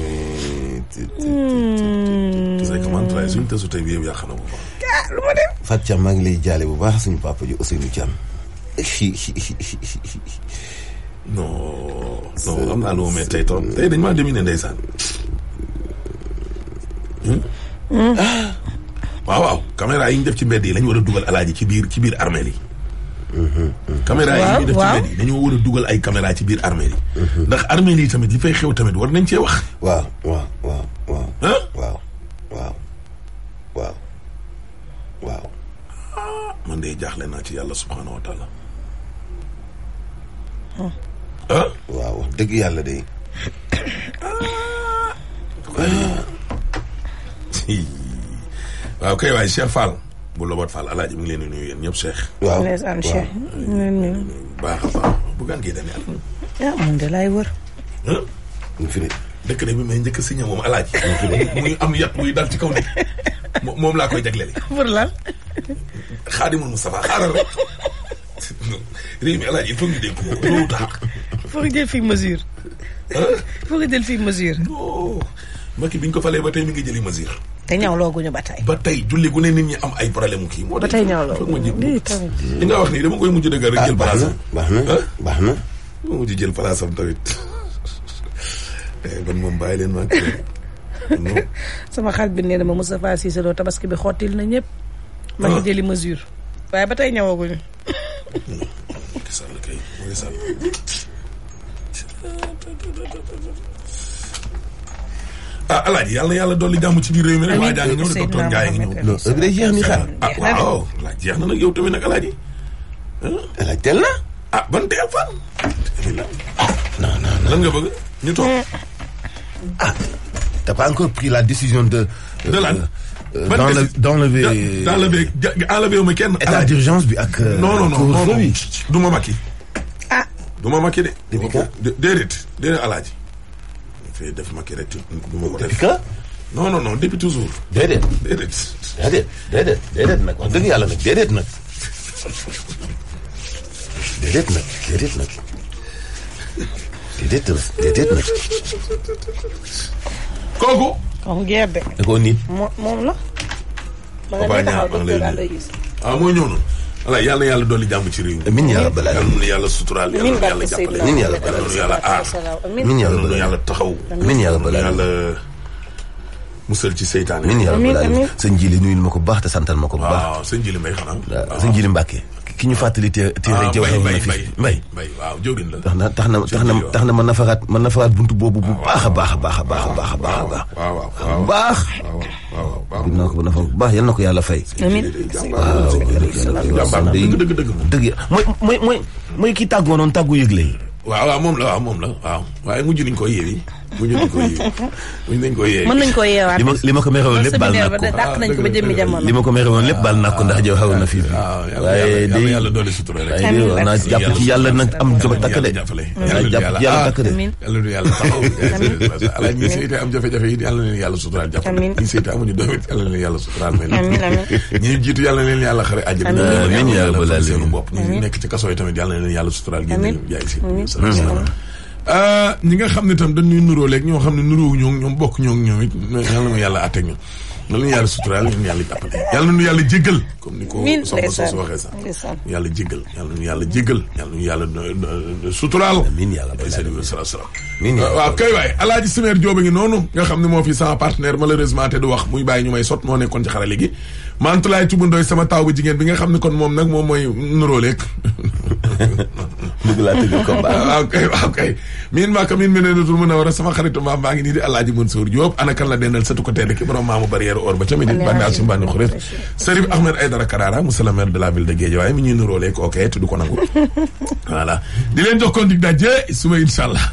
Speaker 4: Hmm.
Speaker 2: c'est eh, comment traiter suñu tasu tey bi yëpp yàq na bu baax. ah lu ma dem. Fatou Thiam maa ngi lay jaale bu baax suñu papa ji Ousseynou Thiam. Eh, non non am ma met tey trop waaw waaw caméra yi ñu def ci mbedd yi lañu war a dugal alaaji ci biir ci biir armeel yi. Mm-hmm, mm-hmm. caméra yi ñu def ci mbedd yi dañoo war a dugal ay caméra ci biir armeel yi. Mm-hmm. ndax armeel yi tamit li fay xew tamit war nañ cee wax. waaw waaw waaw waaw. Ah, man de jaaxle naa ci yàlla subhaanahu wa waaw wax dëgg yàlla de. waaw kay waay Cheikh Fall. bu Lobat Fall alaaji mu leen di nuyu yéen ñëpp Cheikh. waaw ndeysaan Cheikh baax a baax bu gaan kii demee
Speaker 3: ah moom de laay wër.
Speaker 2: mu fi ne dëkk de bi may njëkk a signé moom alaaji. muy am yat muy dal ci kaw nekk moom laa koy jagleel. pour [LAUGHS] lan. xaadimul Moustapha xaaral rek [LAUGHS] réew mi alaaji il faut ñu dégg
Speaker 3: foog jël fii mesure.
Speaker 2: foog jël fii mesure. non Macky bi ñu ko falee ba tey mi ngi jëli mesure.
Speaker 3: te ñawlooguñu ba tey.
Speaker 2: ba tey julli gu ne nit ñi am ay problème mu kii. moo ba tey ñawlooguñu lii tamit. li nga wax nii dama koy mujj ah, jël place am. baax na baax na. dama mujj jël place am tamit. [LAUGHS] Eh, man leen maa
Speaker 1: sama xarit
Speaker 3: bi nee na ma Moustapha Cissé Lo bi xottil na ñëpp. ma ngi ah. jëli mesure. waaye ba tey ñawaguñu. [LAUGHS]
Speaker 2: ah alaaji yàlla yàlla dolli jàmm ci biir réew mi rek waa jaa ngi ñëw de docteur Ndiaye ngi ñëw. loolu ëpp day jeex ni xaar. ah, ah waaw laaj jeex na nag yow tamit nag alaaji. alaaji teel na. ah ban teel fan. non non lan nga bëgg ñu toog. ah t'as pas encore pris la décision de. Euh, de lan euh, ban décision d'enlever d'enlever euh, enlever ma kenn. état ah, d'urgence bi ak. non non non non du ma Macky du ma makki de. depuis quand déedéet ma ko def. depuis non non depuis toujours. déedéet déedéet. déedéet déedéet nag wax dëgg nag déedéet nag. déedéet nag déedéet nag déedéet déedéet nag.
Speaker 3: kooku. kooku moom la. ma nga taxaw
Speaker 2: ah mooy ñëw noonu. voilà yal na yàlla dolli jàmm ci réew mi. amiin yaa rabbal aalamiin yal na yàlla suturaal. yal na yàlla jàppale yàlla aar.
Speaker 3: amiin yal na yàlla taxaw. amiin yal na yàlla
Speaker 2: musal ci seytaane. amiin yaa rabbal aalamiin sëñ Jili nuyul ma ko bu baax te santal ma ko bu baax. waaw sëñ ki ñu te téere téere jaw na fi mbay mbay waaw jógin la tax na tax na tax na tax na mën na faraat mën na faraat buntu boobu bu ah, baax a baax a baax a baax a baax a baax a baax waaw baax dina ko mën a bu baax yal na ko yàlla fay
Speaker 3: amiin waaw
Speaker 2: dëgg dëgg dëgg dëgg mooy mooy mooy mooy kii tàggoo noonu tàggu yëgle yi waaw waaw moom la waaw moom la waaw waaye mujj nañ ko yéewi bu ñu ko yee bu ñu nañ ko yee. mën nañ ko
Speaker 3: yeewaat li ma li ma ko merewoon lépp baal naa ko dàq nañ ko ba jëmmi jamono. li
Speaker 2: ma ko merewoon lépp baal naa ko ndax jow xaw na fii. waaye de yàlla doole sutura rek. naa jàpp ci yàlla nag am jom takk de. naa jàpp ci yàlla takk de. yàlla du yàlla taxaw. alaaj ñi seyte am jafe-jafe yi yàlla leen yàlla suturaal jàpp. ñi seyte amuñu doom it yàlla leen yàlla suturaal may ñi jiitu yàlla leen yàlla xare àjjana. amiin amiin yàlla bopp ñi nekk ci kaso yi tamit yàlla leen yàlla suturaal génn jaay si Euh, ñi nga xam ne itam dañuy nuroo léegi ñoo xam ne nuróowu ñoo ñoom bokk ñoo ñoom it yàlla na yàlla àtteeg ñoom na la ñu yàlla suturaal yàlla yàlla jàppale yàlla nu yàlla jéggal comme ni ko yàlla jéggal yàlla nu yàlla jéggal yàlla nu yàlla euh, euh, suturaal sala salam waaw kay waay alaaji Simeer Joob ngi noonu nga xam ne moo fi sama partenaire malheureusement te du wax muy bàyyi ñu may sot moo nekkoon ci xarale gi mantulaay tubandoy sama taaw bu jigéen bi nga xam ne kon moom nag moom mooy nuróoleeg [LAUGHS] [LAUGHS] dugg laa tëgg combat. waaw ah, kay waaw miin maa ko miin meneenatul mën a war a sama xaritu maam maa ngi nii di Alaaji Mansour Diop ana kan la dendal sëtu ko tedd ki maamu barrière or ba ca Médine Banda Sumba ni Xures. Serif Ahmed Aydara Karara monsieur le maire de la ville de Guédiawaye mi ñuy
Speaker 4: nuróolee koo kee tudd ko nangu. [LAUGHS] voilà di leen jox kon dig daje suba incha allah.